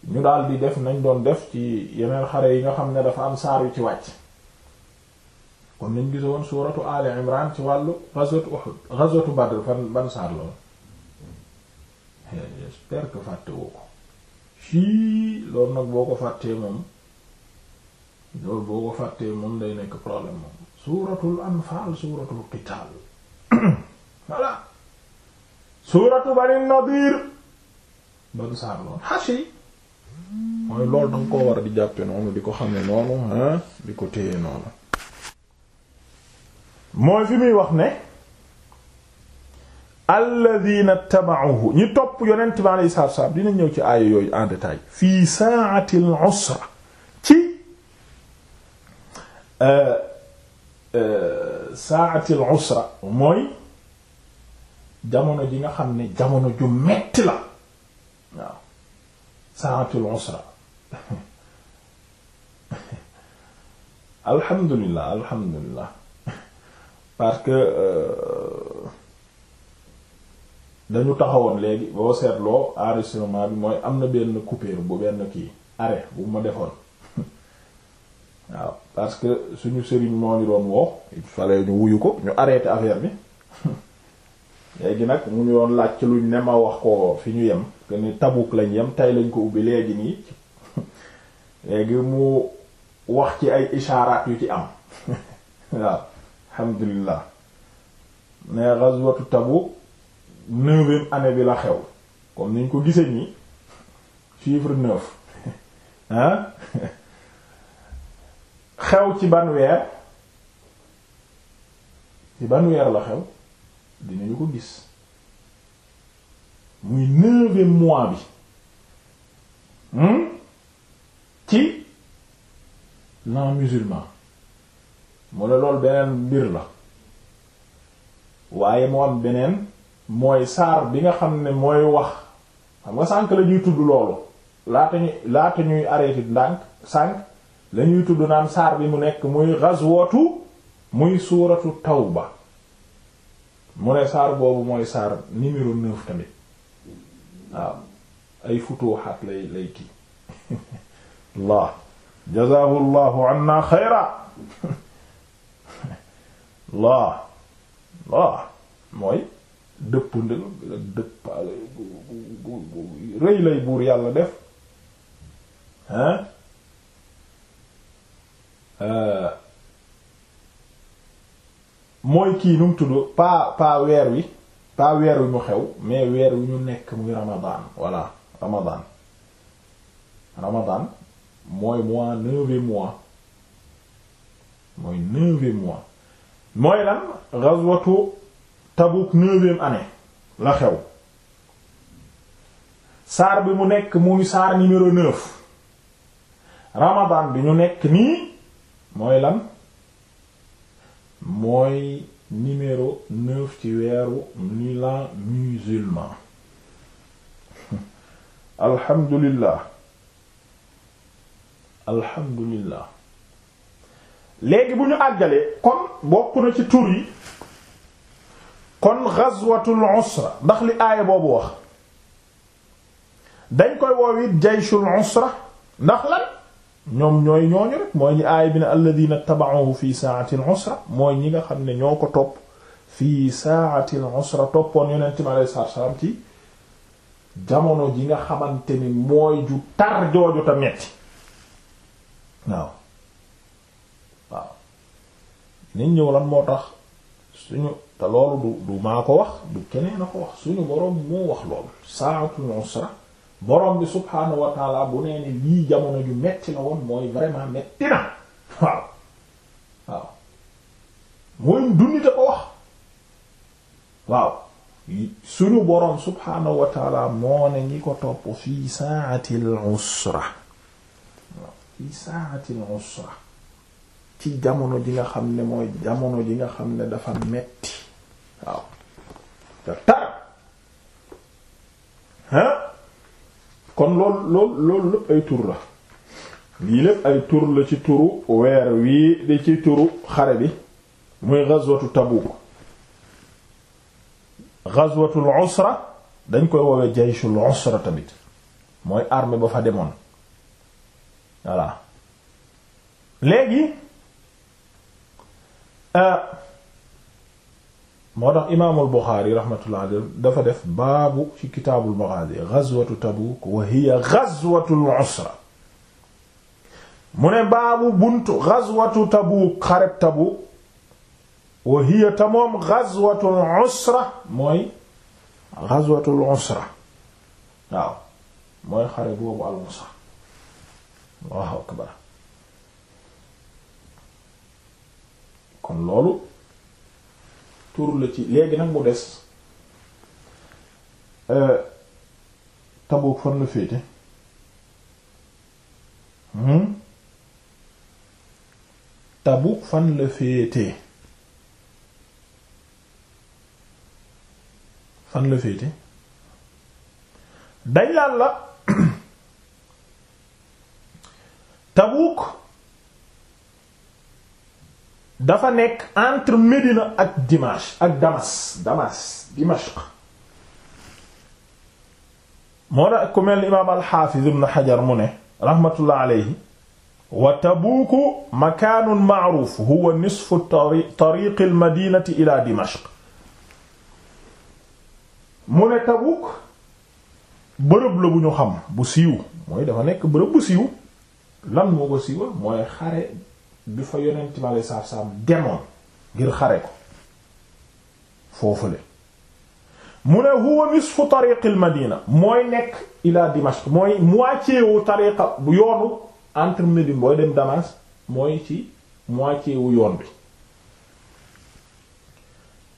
ñu daal di def nañ doon def ci yeneen xare yi nga xam ne dafa am saar yu ci wàcc comme niñ gise woon suuratu Ali Imran ci wàllu ghazwat Uhud ghazwat Badr fan ban saar la woon eh, que fàtte woo ko fii loolu nag boo ko fàttee moom loolu boo ko fàttee moom day nekk problème moom suuratul anfaal suuratul qitaal [coughs] voilà suuratu bani nadiir ban saar noonu xasi mooy loolu danga koo war a di jàppe noonu di ko xam ne noonu hein di ko téye noonu mooy fi muy wax ne alladina tabauhu ñi topp yonent bi alayhi salaatu salaam dina ñëw ci aaya yooyu en détail fii saati l usra ci euh, euh, saati l usra mooy jamono ji nga xam ne jamono ju metti la waaw saatul usra alhamdulillah alhamdulillah parce que euh, dañu taxawoon léegi boo seetloo enregistrement bi mooy am na benn coupure bu benn kii arrêt bu ma defoon waaw parce que suñu sëriñ moo ñu doon woo il fallait ñu wuyu ko ñu arrêté affaire bi léegi nag mu ngi doon laaj ci luñ ne ma wax koo fi ñu yem que ni Tabuk lañ yem tey lañ ko ubbi léegi nii [laughs] léegi mu wax ci ay ishaaraat yu ci am [laughs] waaw alhamdulilah ne ghazwatu Tabuk neuvième année bi la xew comme niñ ko gisee nii chiffre neuf ah [laughs] xew ci ban weer ci ban weer la xew dinañu ko gis muy neuvième mois bi hmm? ci l'an musulman mu ne loolu beneen mbir la waaye moom beneen mooy saar bi nga xam ne mooy wax xam nga sànk la tudd loolu laata ñuy laata ñuy arrêté ndànk sànk la tudd naan saar bi mu nekk muy ghazwatu muy suuratu ba mu ne saar boobu mooy saar numéro neuf tamit waaw ay futuuxaat lay lay kii [laughs] Allah jazaahu Allahu anna xayra [laughs] Allah mooy dëpp ndël dëpp rëy lay buur yàlla def hein euh, mooy kii nu mu tudd pas pas weer wi pas weer wi mu xew mais weer wi ñu nekk muy ramadan voilà ramadan ramadan mooy mois neuvième mois mooy neuvième mois mooy lan ghazwatu Tabuk neuvième année la xew saar bi mu nekk muy saar numéro neuf ramadan bi ñu nekk nii mooy lan mooy numéro neuf ci weeru ni lan musulman [laughs] alhamdulillah alhamdulillah léegi bu ñu àggalee kon bokk na ci turi kon ghazwatul usra ndax li aaya boobu wax dañ koy woow it jayshul usra ndax lan ñoom ñooy ñooñu rek mooy ñi aay bi ne alladina taba'uhu fi saa'ati al-usra mooy ñi nga xam ne ñoo ko topp fi saa'ati al toppoon yonent mi alayhi salaatu ci jamono ji nga xamante ni mooy ju tar jooju ta metti waaw waaw nit ñëw lan moo tax suñu te loolu du du maa ko wax du keneen a ko wax suñu boroom moo wax loolu saa'atul usra borom bi subhaanahu bu nee ne lii jamono ju metti la woon mooy vraiment metti na waaw waaw mooy dundite ko wax waaw suñu borom subhaanahu wa taala moo ne ñi ko topp fii saatil usra waaw fii saatil usra ci jamono ji nga xam ne mooy jamono ji nga xam ne dafa metti waaw te tar ha kon loolu loolu loolu lépp ay tur la lii lépp ay tur la ci turu weer wii di ci turu xare bi muy ghazwatu Tabuk ghazwatul usra dañ koy woowee jayshul usra tamit mooy armée ba fa demoon voilà léegi euh, moo tax imaamul Buxaari rahmatullah alayhi dafa def baabu ci kitaabul maghaazi ghazwatu Tabuuk wa hiya ghazwatul usra mu ne baabu buntu ghazwatu Tabuuk xareb Tabuuk wa hiya ta moom ghazwatul usra mooy ghazwatul usra waaw mooy xare boobu al usra Allahu akbar kon loolu tur la ci léegi nag mu des euh, Tabuk fan la féete hmm? Tabuk fan la féete fan la féete dañ la [coughs] Tabuk dafa nekk entre Médina ak Dimash ak Damas Damas Dimashq moo tax ku mel imaam al-Hafiz ibn Hajar mu ne rahmatullah alayhi wa Tabuuku makaanun ma'ruuf huwa nisfu tariiqi al-madiinati ilaa Dimashq mu ne Tabuuk bërëb la bu ñu xam bu siiw mooy dafa nekk bërëb bu siiw lan moo ko siiwa mooy xare bi fa yonent mi aleyhi salaatu demoon ngir xare ko foofule mu ne huwa nisfu tariqil madina mooy nekk ila Dimashq mooy moitié wu bu yoonu entre Médine booy dem Damas mooy ci moitié yoon bi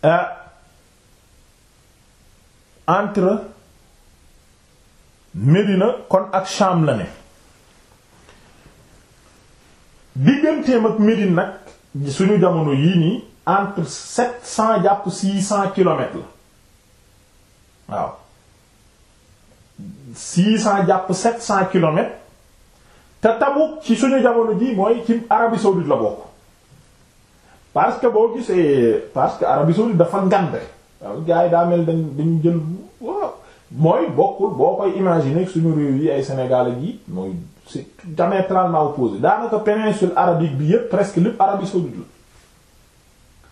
euh, entre Médina kon ak Sham la ne digganteem ak mirin nag suñu jamono yii nii entre sept cent jàpp six cent kilomètres la waaw six cent jàpp sept cent kilomètres te Tabuk ci suñu jamono ji mooy ci Arabie saoudite la bokk parce que boo gisee parce que Arabie saoudite dafa ngande waaw gars yi daa mel dañ dañu jël mooy bokkul boo koy imaginer suñu réew yi ay Sénégal ak yi mooy c'est daa opposé daanaka péninsule arabique bi yépp presque lépp Arabie saoudite la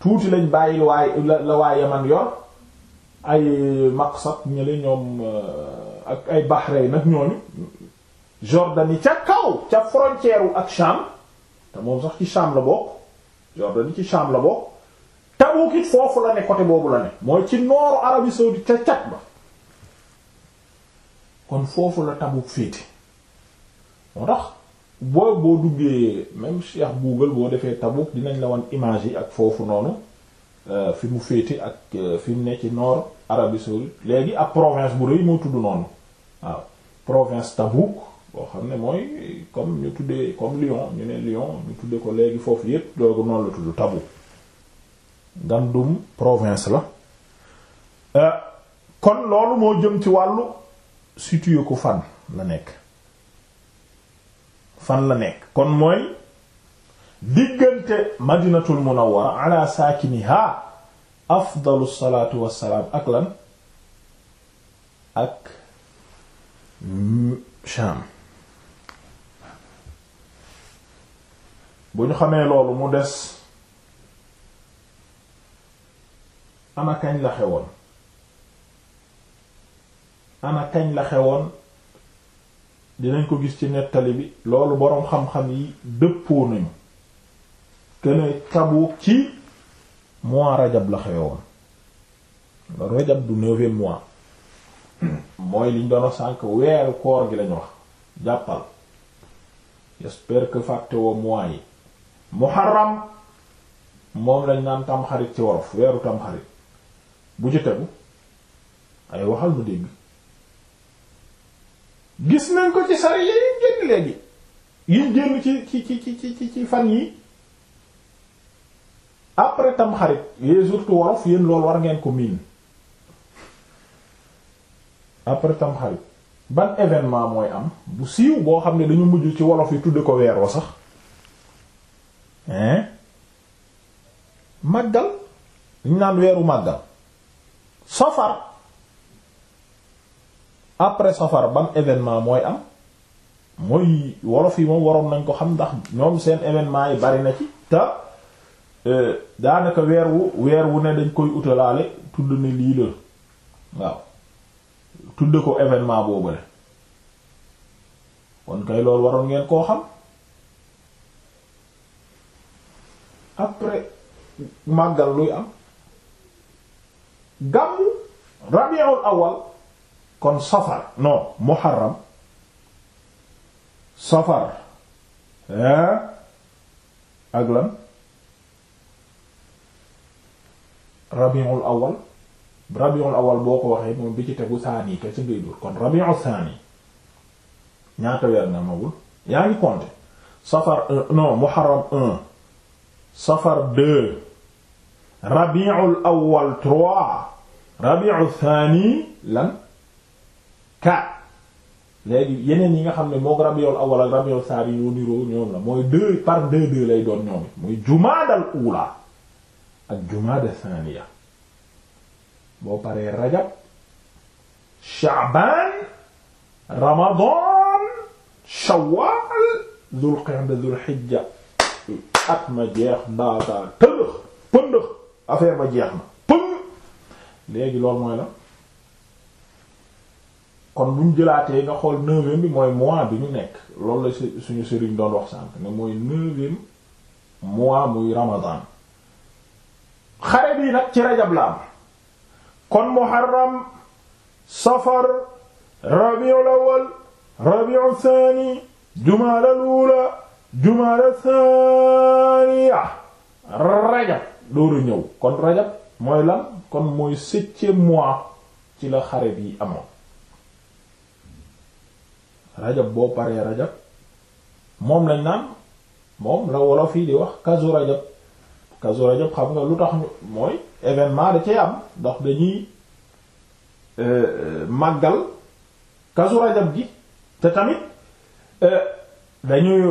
tuuti lañ bàyyi waay la waay Yaman yor ay Maqsat ñële ñoom euh, ak ay Bahreïn nag ñooñu Jordanie ca kaw ca frontière ak Cham te moom sax ci Cham la bokk Jordanie ci Cham la bokk Tabouk it foofu la ne côté boobu la ne mooy ci nooru Arabie saoudite ca cat ba kon foofu la Tabouk féete moo tax boo boo duggee même Cheikh Google boo defee Tabuk dinañ la wan image yi ak foofu noonu euh, fi mu féete ak euh, fi mu ne ci nord Arabie léegi ak province bu rëy moo tudd noonu waaw province Tabuk boo xam ne mooy comme ñu tuddee comme Lyon ñu ne Lyon ñu tuddee ko léegi foofu yépp doogu noonu la tudd Tabuk ngandum province la euh, kon loolu moo jëm ci wàllu situé ko fan la nekk fan la nekk kon mooy diggante madinatul munawwara ala saakiniha afdalu salaatu ak lan ak Sham bu ñu xamee loolu mu des ana kañ la xewoon ana kañ la xewoon dinañ ko gis ci nettali bi loolu boroom xam-xam yi dëppoo nañu kene Tabuk ci mois rajab la xewoon rajab du neuvième mois mooy liñ doon sànk weeru koor gi lañu wax jàppal j'espère que fàtte woo mois yi muharram moom lañ naan tamxarit ci wolof weeru tamxarit bu ci tegu ay waxal mu dégg gis nañ ko ci sariya yi génn léegi yi génn ci ci ci ci ci fan yi après tamxarit yee surtout worof yéen loolu war ngeen ko miin après tamxarit ban événement mooy am bu siiw boo xam ne dañu mujj ci wolof yi tudde ko weeroo sax hein màggal ñu naan weeru màggal safar après safar ban événement mooy am mooy wolof yi moom waroon nañ ko xam ndax ñoom seen événement yi bari na ci te euh, daanaka weer wu weer wu ne dañ koy utalaale tudd ni lii la waaw tudd ko événement boobale kon kay loolu waroon ngeen koo xam après màggal luy am gàmmu rabiul awal kon safar non muharram safar hein ak lan rabiul awal rabiul awal boo ko waxee moom bi ci tegu saani ka ci ngay dóor kon rabiul saani ñaata weer na magul yaa ngi compter safar euh, non muharram un safar deux rabiul awal trois rabiul saani lan 4 léegi yeneen yi nga xam ne mook rabiul awwal ak rabiul saani yoo niroo ñoom la mooy deux par deux deux lay doon ñoom it muy jumaadal uula ak jumaada saaniya boo paree rajab sha'ban ramadan shawwal dhul qa'da dhul hijja at ma jeex ndaataa tëndëx pëndëx affaire ba jeex na pën léegi loolu mooy la kon bu ñu jëlaatee nga xool neuvième bi mooy mois bi ñu nekk loolu la suñu sëriñ doon wax sànk mooy neuvième mois muy ramadan bii nag ci rajab la kon muharram safar rabiul awwal rabiul thani kon mooy lan kon ci la xare bi amoon rajab boo paree rajab moom lañ naan moom la wolof yi di wax kasu rajab kasu rajab xam nga lu tax mooy événement da cee am ndax dañuy euh, màggal kasu rajab gi te tamit euh, dañuy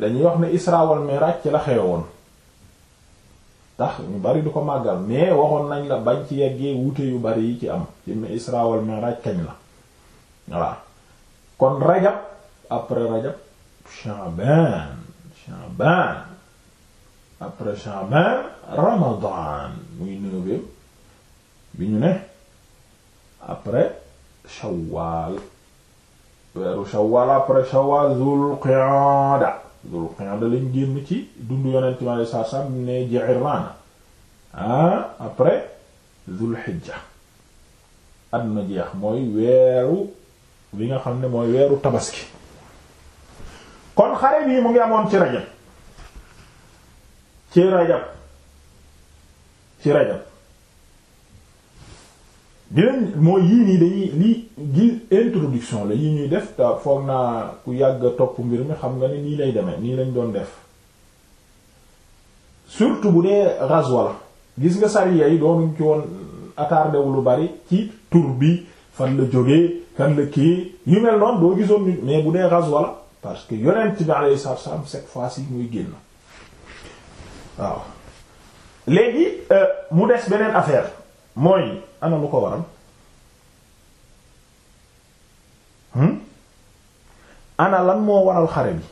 dañuy wax ne isra wal mi'raj ci la woon tax ñu bari du ko màggal mais waxoon nañ la bañ ci yeggee wuute yu bari yi ci am ci isra wal mi'raj kañ la voilà kon rajab après rajab Sha'ban Sha'ban après Sha'ban Ramadan muy neuvième bi ñu ne après Shawwal weeru Shawwal après Shawwal Zul Qiyada Zul Qiyada lañ génn ci dundu yonent mi alayhi salaatu salaam ne Ji'irraana ah après Zul Hijja at na jeex mooy weeru bi nga xam ne mooy weeru tabaski kon xare bii mu ngi amoon ci rajab ci rajab ci rajab dinañ mooy yii nii dañuy lii gi introduction la yi ñuy def te foog naa ku yàgg topp mbir mi xam nga ne nii lay deme nii lañ doon def surtout bu dee ghazwa la gis nga sariya yi doonuñ ci woon attardé wu lu bari ci tur bi fan la jógee fan la kii yu mel noonu doo gisoon ni mais bu dee ghazwa la parce que yonent bi alayhi salaatu wasallam cette fois-ci muy génn waaw léegi euh, mu des beneen affaire mooy ana lu ko waral hmm? ana lan moo waral xare bi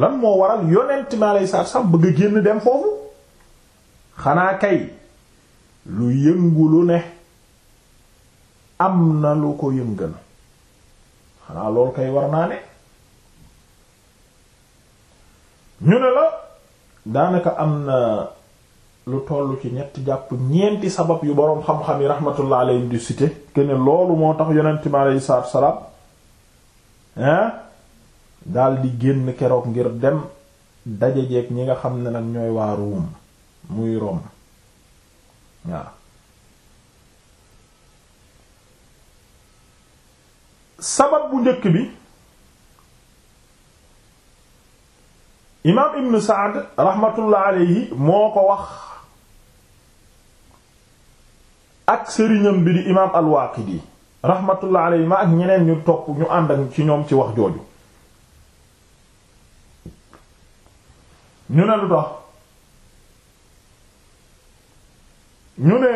lan moo waral yonent bi alayhi salaatu bëgg a génn dem foofu xanaa kay lu yëngu ne am na lu ko yëngal xanaa loolu kay war naa ne ñu ne la daanaka am na lu toll ci ñetti jàpp ñeenti sabab yu boroom xam-xam yi rahmatullah alayhi di cité que loolu moo tax yonent mi aleyhi salaatu salaam hein di génn keroog ngir dem dajajeeg ñi nga xam ne nag ñooy waa Ruum muy Rome waaw sabab bu njëkk bi imaam ibn saad rahmatullah alayhi moo ko wax ak sëriñam bi di imaam al-Waaqidi rahmatullah alayhi ma ak ñeneen ñu topp ñu ànd ak ci ñoom ci wax jooju ñu ne lu tax ñu ne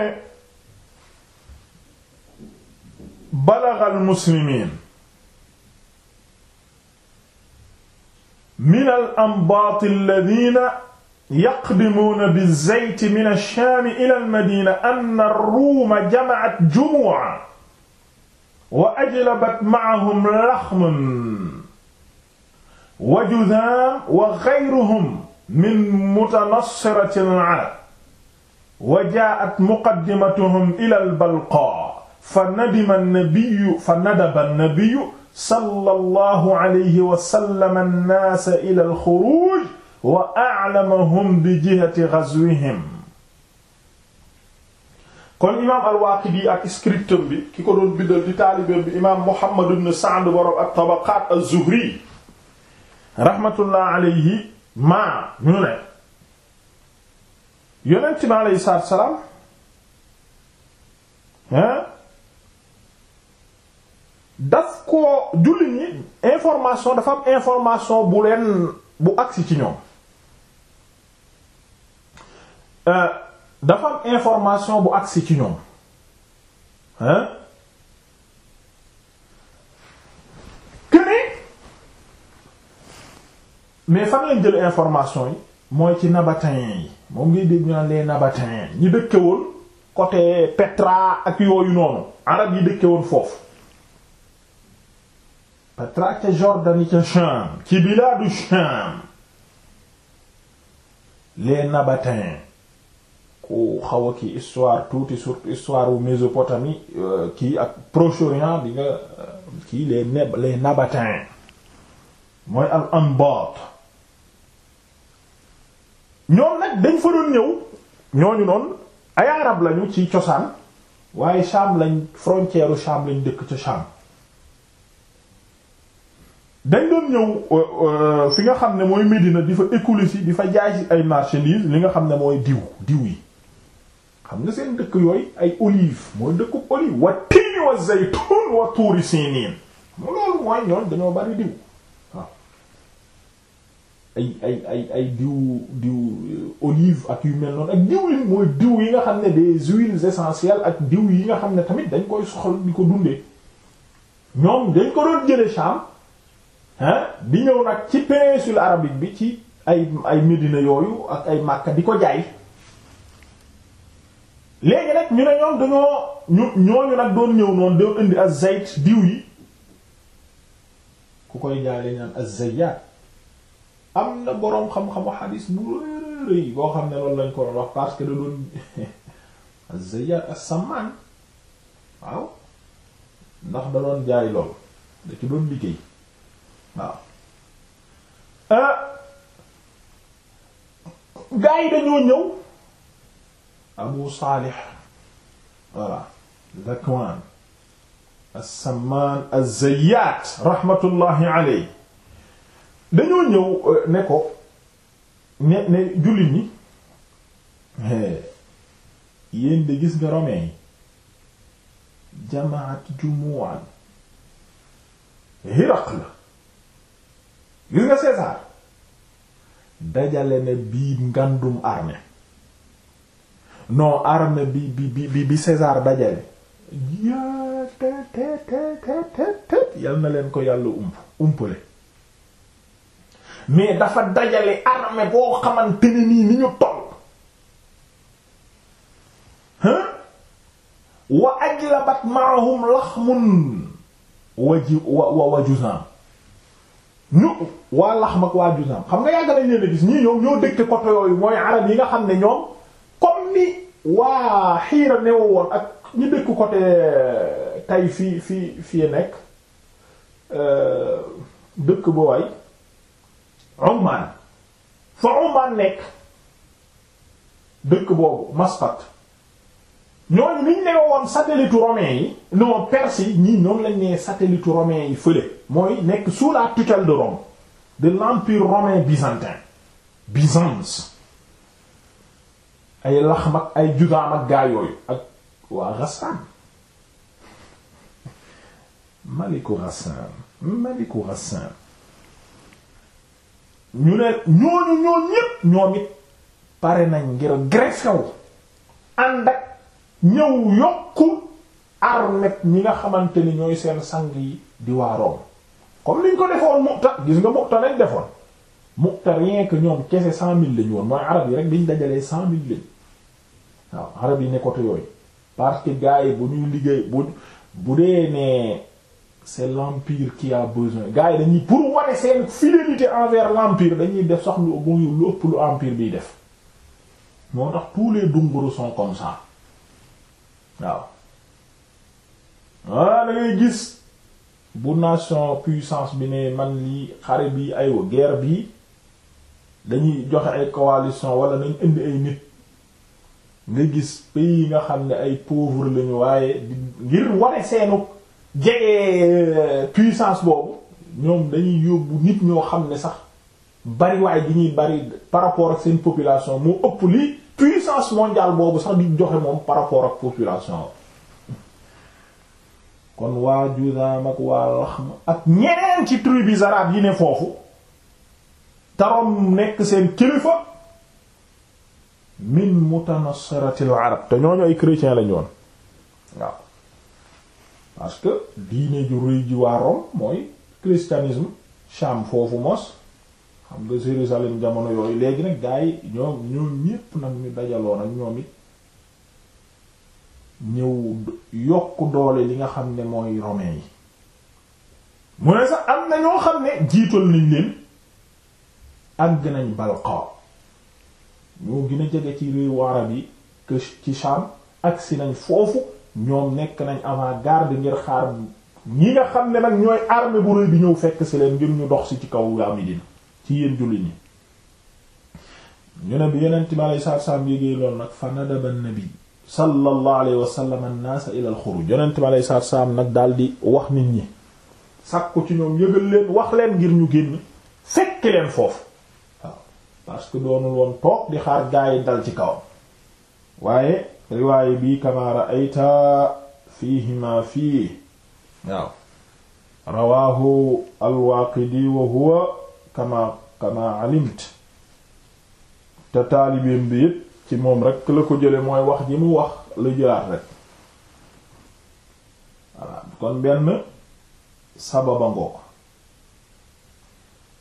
balaxal muslimiin minal anbaati alladiina yaqdimuuna bizzayti mina shaami ilal madiina anna ruuma jamacat jumuca wa ajlabat macahum laxman wa judaam wa xayruhum min mutanassiratil carab wa jaa'at muqaddimatuhum ilal balqaa fa nadima nabiyu fa nadaba nabiyu sallallahu alayhi wa sallam annaasa ila alxuruj wa a'lamahum bi jihati ghazwihim kon imaam al-Waaqidi ak scriptum bi ki ko doon bindal di taalibeem bi imaam Muhammad ibn Sa'd borom at-Tabaqaat az-Zuhri rahmatullah alayhi maa ñu ne yonent bi alayhi salaatu wa salaam daf ko jullit ñi information dafa am information bu bu agsi ci ñoom euh, dafa information bu agsi ci hein këne mais fan lañ jël information yi mooy ci nabatéens yi moo ngi dégg ñu naan ñi dëkke woon côté Petra ak yooyu noonu arab ñi dëkke woon foofu Patra ca Jordanie ca Sham ci bilaadu Sham les Nabatéens ku xaw e, a kii histoire tuuti surtout histoire wu Mésopotamie kii ak proche bi nga kii les les Nabatéens mooy al Anbaat ñoom nag dañ fa doon ñëw ñooñu noonu ay arab lañu ci cosaan waaye Sham lañ frontière u lañ dëkk ca Sham dañ doon ñëw euh, euh, fi nga xam ne mooy Médina di fa écouler si di fa jaay si ay marchandises li nga xam ne mooy diw diw yi xam nga seen dëkk yooyu ay olive mooy dëkkub olive wa tini wa zaytun wa tuuri siniin mu mooy diw ay ay ay ay diw diw euh, ak yu mel noonu diw yi nga xam ne des huiles essentielles ak diw yi nga xam ne tamit dañ koy soxal di ko dundee ñoom dañ ko doon jële Sham ah di ñëw nag ci péninsule arabique bi ci ay ay Médina yooyu ak ay Makka di ko jaay léegi nag ñu ne ñoom dañoo ñu nag doon ñëw noonu doon indi az-zayt diw yi ku koy jaay lañ naan az-zayyat am na boroom xam-xamu xadis bu rëy boo xam ne loolu lañ ko doon wax parce que da doon [laughs] az-zayyat as-samman waaw ndax da doon jaay lool da ci doon liggéey. waaw euh, gaa yi dañoo ñëw abu saalih voilà Zakwan as-Sammaan az-Zayyaat rahmatullahi alayhi dañoo ñëw euh, ne ko ne ne jullit ñi gis nga romain jamaat jumu'an Hiraqla gis nga César dajale ne bii ngandum armée non armée bi bi bi bi César dajale yaa te te te te te yal na leen ko yàlla ump umpale mais dafa dajale armée boo xamante ne ni ñu toll hein wa ajlabat ma'ahum laxmun waji wa wa juzan ñu waa Laxm ak waa Juzam xam nga yàgg nañ leen a gis ñii ñoom ñoo dëkk côté yooyu mooy arab yi nga xam ne ñoom comme ni waa Xiira neew woon ak ñu dëkk côté euh, tay fii fii fii nekk euh, dëkk bu way Oman fa Oman nekk dëkk boobu Masqat ñooñu ni ñu nee woon satellite romain yi non perse yi ñii noonu lañ nee satellite romain yi fële mooy nekk sous la tutelle de Rome de l'empire romain byzantin Byzance ay Laxm ak ay Judaam ak gaa ak waa Ghassan maliku Ghassan maliku Ghassan ñu ne ñooñu ñooñu ñépp ñoom it pare nañ ngir grefew ànd ak ñëw yokku armée ñi nga xamante ni ñooy seen sang yi di waa Rome comme niñ ko defoon Mu'ta gis nga Mu'ta lañ defoon Mu'ta rien que ñoom kese cent mille lañu woon mooy arab yi rek biñ dajalee cent mille lañu waaw arab yi ne côté yooyu parce que gars yi bu ñuy liggéey bu bu dee ne c'est l'empire qui a besoin gars yi dañuy pour ware seen fidélité envers l'empire dañuy def sax lu mu lu ëpp lu empire biy def moo tax tous les dunguru sont comme ça waaw waaw da ngay gis bu nation puissance bi ne man lii xare bi ay ger bi dañuy joxe ay coalition wala nañ indi ay nit nga gis pays yi nga xam ne ay pauvre lañu waaye ngir wane seenu jege euh, puissance boobu ñoom dañuy yóbbu nit ñoo xam ne sax bariwaay bi ñuy bari par rapport ak seen population moo ëpp lii puissance mondiale boobu sax di joxe moom par rapport ak population kon waa Juzaam ak waa Laxm ak ñeneen ci tribus arabes yi ne foofu taroom nekk seen kilifa min mutanassaratil arab te ñooñu ay chrétiens lañu woon waaw parce que diine ju rëy waa Rome mooy christianisme Cham foofu mos xam nga Jérusalem jamono yooyu léegi nag gaa yi ñoom ñoom ñépp nag ñu dajaloo nag ñoom it ñëw yokk doole li nga xam ne mooy romain yi mu ne sax am na ñoo xam ne jiital nañ leen àgg nañ Balqa ñoo gën a jege ci réewu arab yi que ci Sham agsi nañ foofu ñoom nekk nañ avant-garde ngir xaar ñi nga xam ne nag ñooy armée bu rëy bi ñëw fekk si leen ngir ñu dox si ci kaw gaa Medina ci yéen jullit ñi ñu ne bi yeneen mi aleyi saatu salaam yégéey loolu nag fa nadaba nabi salaam nag daal wax nit ñi sàkku ci ñoom yëgal leen wax leen ngir ñu génn fekk leen foofu parce que doonul woon toog di xaar gaay dal ci kawam waaye riwaaye bii kama ra'ayta fihima fii waaw rawaahu al wa huwa kama kama alimt te taalibeem bi yépp ci moom rek la ko jële mooy wax ji mu wax la jëlaat rek kon benn sababa ngoo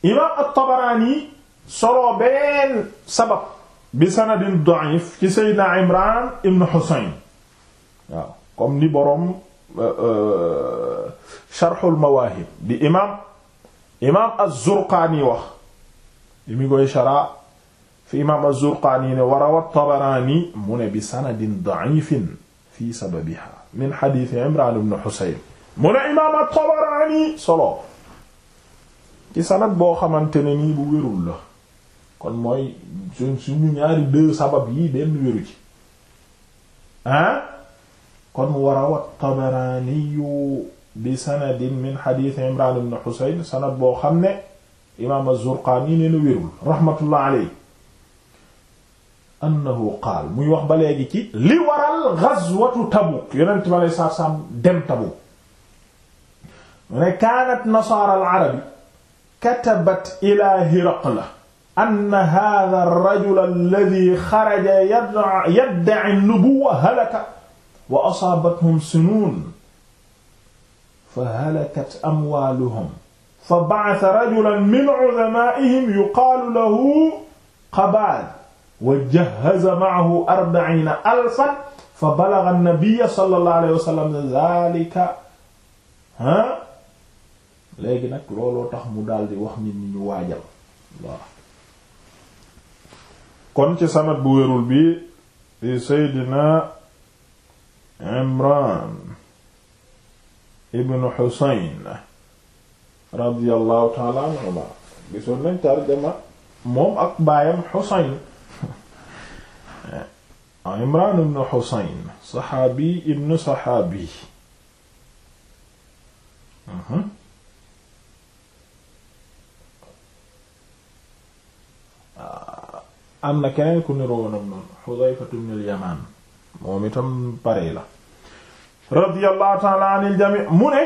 imaam at-Tabaraani sabab bi sanadin da'if ci Seydina Imran ibn Husayn waaw ni boroom euh, euh, Sharhul Mawaahib di imaam imaam az-Zurqaani wax li mu koy shara fi imaam az-Zurqaani ne wa rawa at-Tabaraani mu ne bi sanadin da'ifin fi sababiha min xadiisi Imraan ibn Husayn mu ne imaam at-Tabaraani solo ci sanad boo xamante ne nii bu wérul la kon mooy suñu ñaari deux sabab yi benn wéru ci ah kon wa rawa at-Tabaraani bi sanadin min xadiis imran ibn xusayn sanad boo xam ne imaam az-Zurqaani nee na wérul rahmatullah aley annahu qaal muy wax ba léegi ci li waral gazwatu Tabuk yonent bi alei satu selaam dem Tabuk mu ne kaanat nasaara al-arabi katabat ila Hiraqla anna haadha ar-rajul alladhi xaraja yadda'i an-nubuwwa halaka wa asaabathum sunuun fa halakat amwaaluhum fa ba'atha rajulan min udamaa'ihim yuqaalu lahu qabaad wa jahhaza ma'ahu arba'iina alfan fa balagha an-nabiyya sallallahu alayhi wa sallam zaalika ha léegi nag looloo tax mu daldi wax nit ñi ñu waajal waaw kon ci sanad bu wérul bi di Seydina Imraan ibn Husayn radiyallahu taala anhuma gisoon nañ tarjama moom ak baayam Husayn eh, Imran ibn Husayn saxaabi ibn saxaabi mhm. ah, am na keneen ku niroo woon ak noonu Hudayfa ibn al-Yaman moom itam pare la radiyallahu ta'ala anil jami' mu ne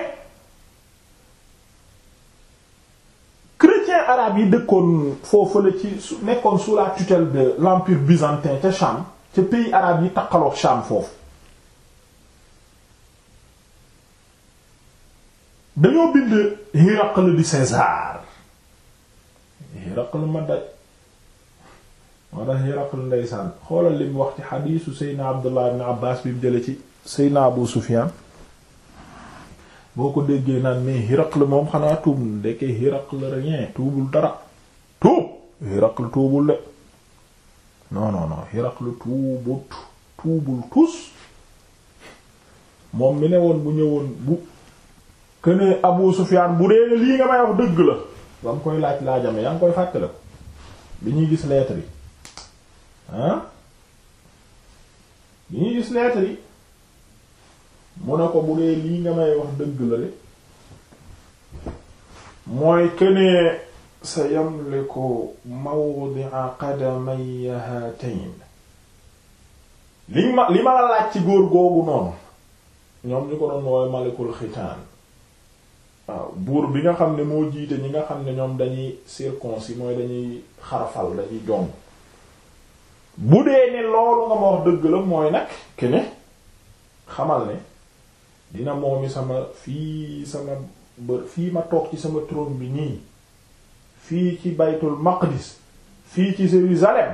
chrétien arabe yi dëkkoon foofu la ci nekkoon sous la tutelle de l'empire byzantin ca Cham ca pays arabe yi taqaloog Cham foofu dañoo bind Hiraql di César Hiraql ma daj moo tax Hiraql ndeysaan xoolal li wax ci xadiisu Seydina Abdullah ibn Abbas bi mu jële ci na Abu Sufyan boo ko déggee naan mais Hiraql moom xanaa tuub ndekkee Hiraql rien tuubul dara tuub Hiraql tuubul de non non non Hiraql tuubut tuubul tus moom mi ne woon bu ñëwoon bu kënee Abu Sufyan bu dee lii nga may wax dëgg la ba koy laaj laajame yaa ngi koy fàttale ko bi ñuy gis lettre yi bi ñuy gis lettre mu ne ko bu dee lii nga may wax dëgg la de mooy kënee sa yamliku mawdi'a qadamay hatayn li ma li ma la laaj ci góor googu noonu ñoom ñu ko doon woowe malikul xitaan waaw buur bi nga xam ne moo jiite ñi nga xam ne ñoom dañuy circoncis mooy dañuy xarafal dañuy jong bu dee ne loolu nga ma wax dëgg la mooy nag kene xamal ne dina moomi sama fii sama bër fii ma toog ci sama trône bi nii fii ci baytul maqdis fii ci Jérusalem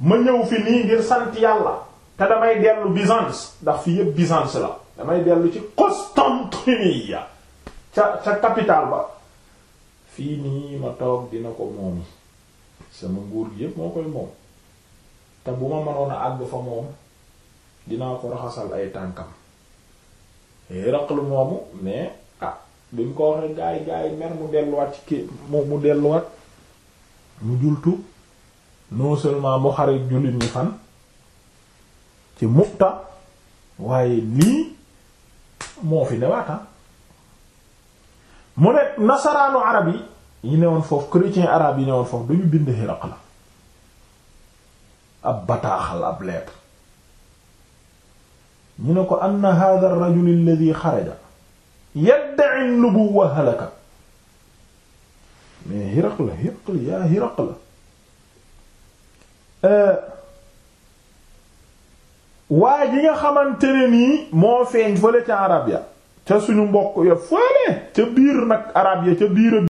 ma ñëw fi nii ngir sant yàlla te damay dellu Byzance ndax fii yépp Byzance la damay dellu ci Constantinople ca ca capitale ba fii nii ma toog dina ko moomi sama nguur gi yépp moo koy moom te bu ma mënoon a àgg fa moom dinaa ko raxasal ay tànkam Hiraql eh, moomu mais ah bi mu ko waxee gaay gaay mer mu delluwaat ci kii mu mu delluwaat mu jultu non seulement mu xarit jullit ñi fan ci Mu'ta waaye lii moo fi newaata ah. mu ne nasaraanu arab yi yi newoon foofu chrétien arabe yi newoon foofu dañu bind Hiraql ab bataaxal ab lettre ñu ne ko anna hadha ar-rajul alladhi xaraja yadda'i an-nubuwwa halaka mais Hiraqla Hiraqla yaa Hiraqla euh, waa ji nga xamante ne nii moo feeñ fële ca arab ya ca suñu mbokk ya fële ca biir nag arab ya ca biir